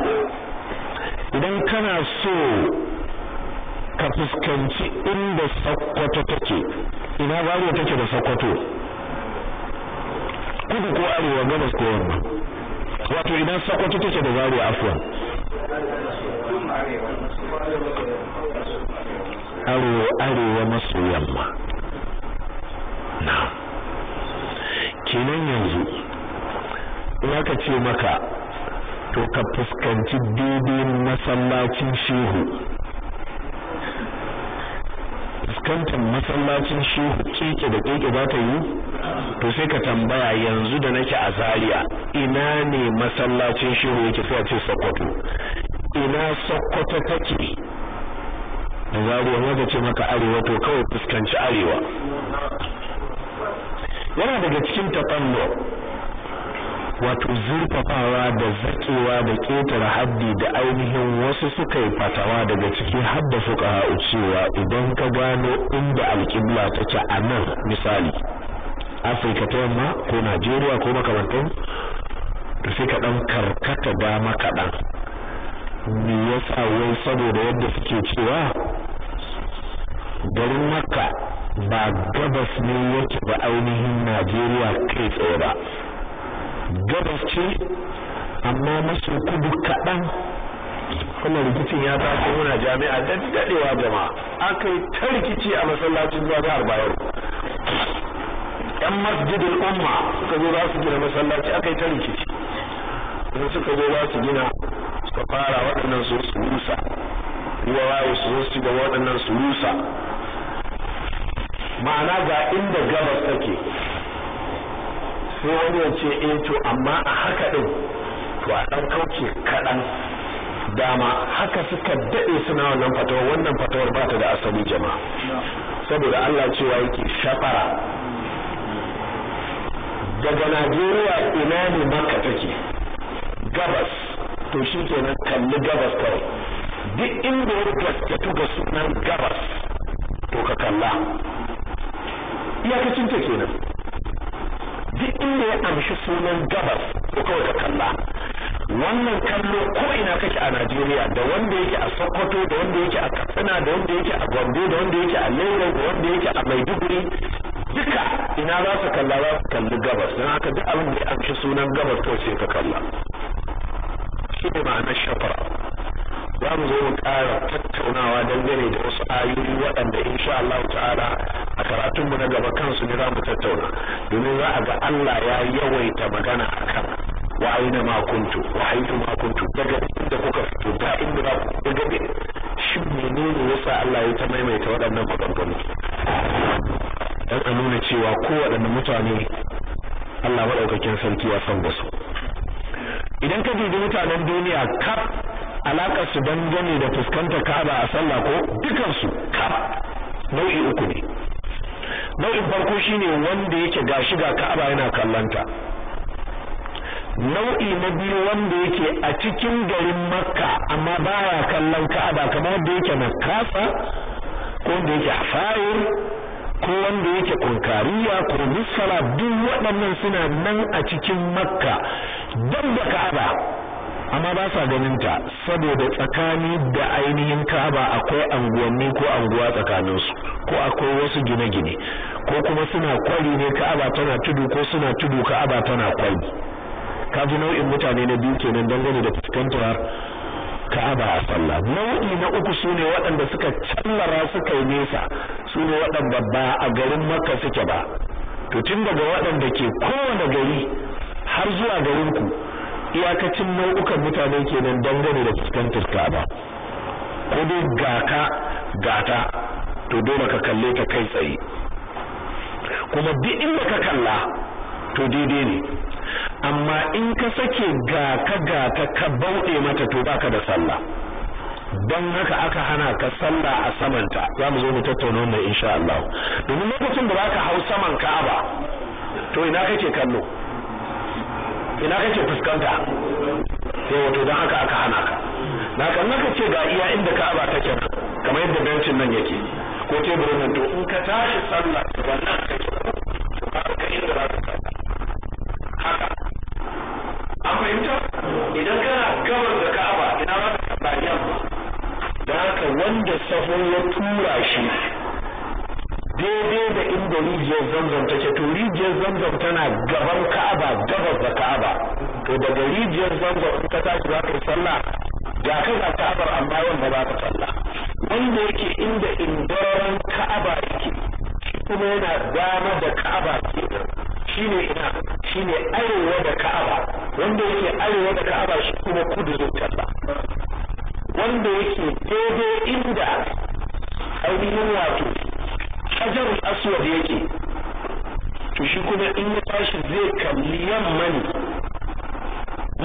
idan kana so ka fuskanci inda sakkwato take ina zawiya take da sakkwato kudu ko arewa gabas ko yamma wato idan sakwato ce da zaria afuwa arewa maso yamma na kenan yanzu ya ka ce maka to ka fuskanci daidai masallacin shehu fuskantar masallacin shehu keke da keke za ta yi to sai ka tambaya yanzu da nake a Zaria ina ne masallacin shehu yake sai a ce Sokoto ina Sokoto take da Zaria wanda ce maka arewa to kawai fuskanci arewa yana daga cikin tafanno wato zurfafawa da zakewa da ketare haddi da ainihin wasu suka yi fatawa daga ciki har da fuka cewa idan ka gano inda alƙibla take a nan misali Afirka ta yamma ko Najeriya ko makamantan da sai ka ɗan karkata dama kaɗan me yasa wai saboda yadda suke cewa garin maka ba gabas ne yake ba ainihin Najeriya kai tsaye ba gabas ce amma masu kudu kaɗan kuma rikicin ya taso muna jami'a da daɗewa jama'a aka yi ta rikici a masallacin zuwa jihar bayero yan masjidin umma suka zo za su gina masallaci aka yi ta rikici sun suka zo za su gina suka fara waɗannan su su rusa yiwa waye su zo su gaba waɗannan su rusa ma'ana ga inda gabas take sai wani ya ce eh to amma a haka din to a dan kauce kaɗan dama haka suka daɗe suna wannan fatawar wannan fatawar ba ta da asali jama'a saboda Allah cewa yake shafara daga Najeriya ina ne Makka take gabas to shi kenan kalli gabas kawai duk inda ya gaskatu ga sunan gabas to ka kalla iyakacin ta kenan duk inda ya amshi sunan gabas ko kawai ka kalla wannan kallo ko ina kake a Najeriya da wanda yake a Sokoto da wanda yake a Katsina da wanda yake a Gombe da wanda yake a Lagos da wanda yake a Maiduguri duka ina za su kalla za su kalli gabas don haka duk abin da ya amshi sunan gabas kawai sai ka kalla shi ne ma'anar shafara za mu zo mu ƙara tattaunawa dangane da wasu ayoyi waɗanda insha Allah ta'ala a karatun mu na gaba kansu ne za mu tattauna domin za a ga Allah ya yawaita magana a wa aina ma kuntu wa haitu ma kuntu daga inda kuka fito da inda za ku daga ne shi menene yasa Allah ya ta maimaita waɗannan maganganu dan a nuna cewa kowaɗanne mutane Allah maɗaukakin sarki ya san wasu idan ka dubi mutanen duniya kaf alakar su dangane da fuskantar Ka'aba a sallah ko dukansu su nau'i uku ne nau'in farko shine wanda yake gashi ga Ka'aba yana kallanta nau'i na biyu wanda yake a cikin garin Makka amma baya kallon Ka'aba kamar wanda yake Makasa ko wanda yake Afayir ko wanda yake kunkariya ko misala duk waɗannan suna nan a cikin Makka don da Ka'aba amma ba sa ganin ta saboda tsakani da ainihin Ka'aba akwai anguwanni ko anguwa tsakanin su ko akwai wasu gine-gine ko kuma suna kwari ne Ka'aba tana tudu ko suna tudu Ka'aba tana kwari kaji nau'in mutane na biyu kenan dangane da fuskantar Ka'aba a sallah nau'i na uku sune waɗanda suka tallara suka yi nesa sune waɗanda ba a garin Makka suke ba to tun daga waɗanda ke kowane gari har zuwa garin ku iyakacin nau'ukan mutane kenan dangane da fuskantar Ka'aba ko dai ga ka gata to dole ka kalle ta kai tsaye kuma duk inda ka kalla to daidai ne amma in ka sake ga ka gata ka bauɗe mata to baka da sallah don haka aka hana ka sallah a samanta za mu zo mu tattauna wannan insha Allah domin lokacin da ka hau saman Ka'aba to ina kake kallo ina kake fuskanta sai wato dan haka aka hana ka na kan naka ce ga iya inda ka'aba take kamar yadda bencin nan yake ko teburin nan to in ka tashi sallah wannan ka ce to ka ka inda za ka haka an fahimta idan kana gabar da ka'aba ina za ka kalla yamma da haka wanda safon ya tura shi daidai da inda rijiyar zamzam take to rijiyar zamzam tana gaban ka'aba gabas da ka'aba to daga rijiyar zamzam in ka tashi za ka yi sallah ga ka ga ka'abar amma wanda ba ka sallah wanda yake inda indoran ka'aba yake shi kuma yana dama da ka'aba kenan shine ina shine arewa da ka'aba wanda yake arewa da ka'aba shi kuma kudu zai talla wanda yake daidai inda ainihin wato hajar aswad yake to shi kuma in ya tashi zai kalli yamma ne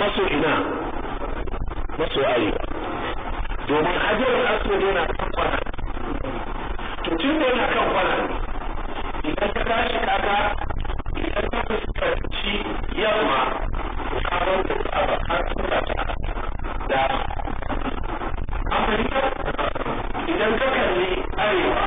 maso ina maso arewa domin hajar aswad yana kan kwana to tun da yana kan kwana idan ka tashi kaga idan ka fuskanci yamma ka bar da tsaba ka tura ta da amma idan ka kalli arewa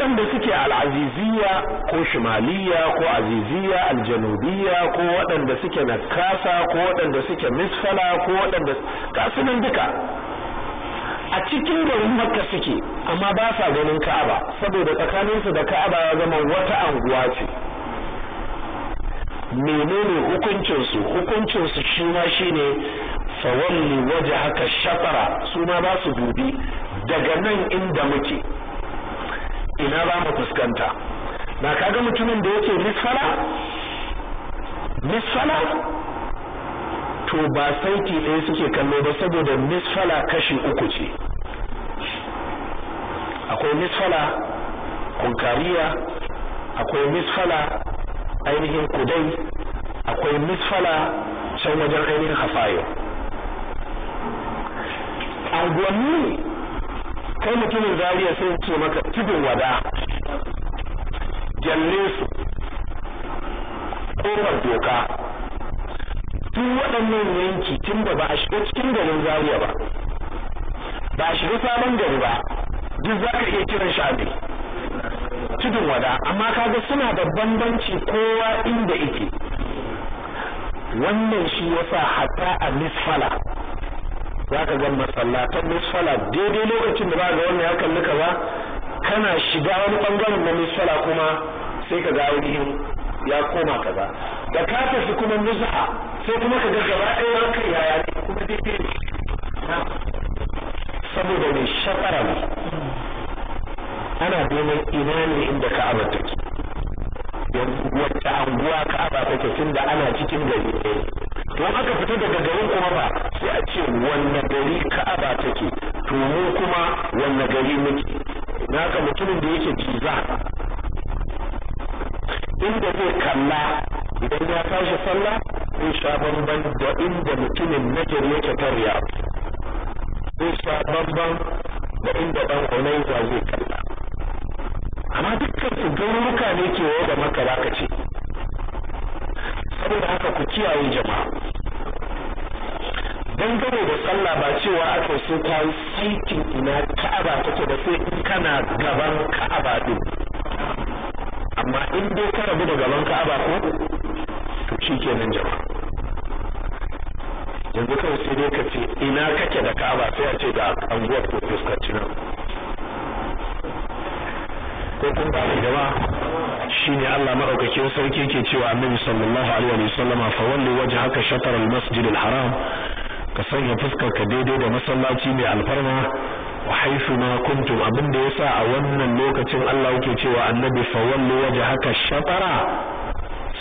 waɗanda suke al'aziziya ko shimaliya ko aziziya aljanubiya ko waɗanda suke nakasa ko waɗanda suke misfala ko waɗanda kasunan duka a cikin garin makka suke amma ba sa ganin ka'aba saboda tsakaninsu da ka'aba ya zama wata anguwa ce menene hukuncinsu hukuncinsu shi ma ne fawalli waje haka shafara su ma ba su dubi daga nan inda muke ina za mu fuskanta na kaga mutumin da yake misfala misfala to ba saiti ɗaya suke kallo ba saboda misfala kashi uku ce akwai misfala kunkariya akwai misfala ainihin kudai akwai misfala can wajen ainihin hafayo anguwanni kai mutumin zariya sai ce maka tudun wada jalle su kofar doka tun waɗannan yanki tun da ba a shiga cikin garin zariya ba ba a shiga sabon gari ba duk za ka iya kiran shi wada amma kaga suna da bambanci kowa inda ike wannan shi yasa hatta a misfala za ka ga masallatan misfala daidai lokacin da ba ga wannan ya kalli ka ba. kana shiga wani bangaren na misfala kuma sai ka ga ainihin ya koma ka ba. da ka tafi kuma nuzha sai kuma ka ga gaba ɗaya ya kai yaya ne kuma daidai ne saboda mai shafara ne ana neman ina ne inda ka'aba take yanzu wata anguwa ka'aba take da ana cikin gari ɗaya to aka fita daga garin kuma ba sai a ce wanne gari ka'aba take to mu kuma wanne gari muke na ka mutumin da yake jiza inda zai kalla idan ya tashi sallah zai sha bamban da inda mutumin najar yake ta riyad zai sha bamban da inda dan unaiza zai kalla amma dukkan su garuruka ne ke da maka zaka ce saboda haka ku kiyaye jama'a dangane da sallah ba cewa aka so ka yi saitin ina ka'aba take da sai in kana gaban ka'aba din amma in dai ka rabu da gaban ka'aba ko to shi kenan jama'a yanzu kawai sai dai ka ce ina kake da ka'aba sai a ce da anguwar ko fuskar nan ko kun ba mai jama'a ne Allah madaukakin sarki ke cewa Annabi sallallahu alaihi wa sallama fa walli wajhaka shatr al-masjid al-haram ka sanya fuskar ka daidai da masallaci mai alfarma wa haythu ma kuntum abinda yasa a wannan lokacin Allah yake cewa Annabi fa walli wajhaka shatara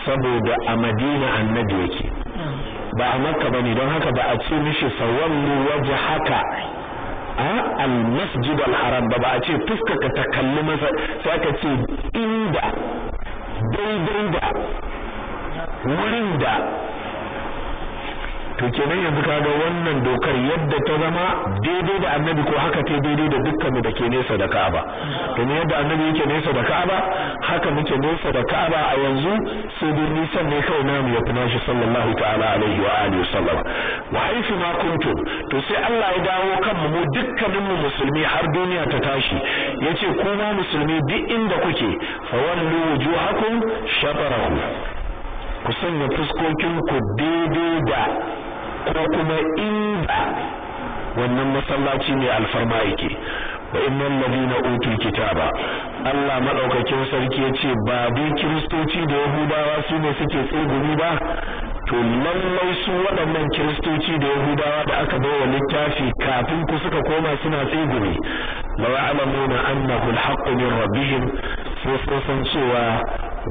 saboda a Madina Annabi yake ba a Makka bane don haka ba a ce mishi fa waje haka a al-masjid al-haram ba ba a ce fuskar ka ta kalli masa sai aka ce inda daidai da wurin da to kenan yanzu kaga wannan dokar yadda ta zama daidai da annabi ko haka ta daidai da dukkan da ke nesa da Ka'aba ne yadda annabi yake nesa da Ka'aba haka muke nesa da Ka'aba a yanzu sai dai nisan ne kawai namu ya fina shi sallallahu ta'ala alaihi wa alihi sallam wa haifi ma kuntum to sai Allah ya dawo kanmu mu dukkanin mu musulmi har duniya ta tashi yace ku ma musulmi duk inda kuke fa wallu wujuhakum shatarahu ku sanya fuskokin ku daidai da ko kuma inda wannan masallaci ne alfarma yake wa innal ladina utul kitaba Allah madaukakin sarki yace ba bi kiristoci da yahudawa su ne suke tsegumi ba to lallai su waɗannan kiristoci da yahudawa da aka bawa littafi kafin ku suka koma suna tsegumi law ya'lamuna annahu alhaq min rabbihim sai sun san cewa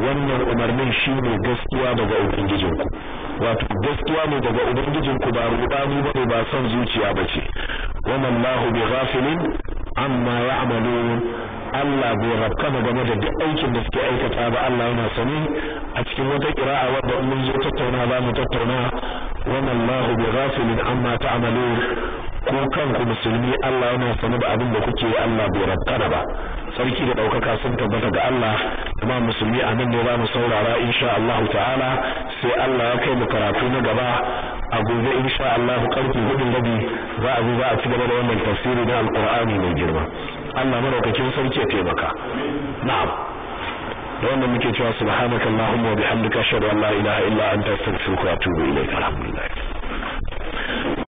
wannan umarnin shine gaskiya daga ubangijinku wato gaskiya ne daga ubangijinku ba mu bane ba son zuciya ba ce wannan lahu bi ghafilin amma ya'malun Allah bai rakkama game da duk aikin da suke aikata ba Allah yana sani a cikin wata qira'a wadda mun zo tattauna za mu tattauna wa mallahu bighafilin amma ta'malun ko kanku musulmi Allah yana sani da abin da kuke Allah bai rakkana ba sarki da daukaka sun tabbata ga Allah kuma musulmi a nan ne za mu saurara insha Allah ta'ala sai Allah ya kai mu karatu na gaba a gobe insha Allah karfe hudu rabi za a zo za a ci gaba da wannan tafsiri na alqur'ani mai girma Allah madaukakin sarki ya taimaka na'am da wannan muke cewa subhanaka allahumma wa bihamdika ashhadu an la ilaha illa anta astaghfiruka wa atubu ilayk alhamdulillah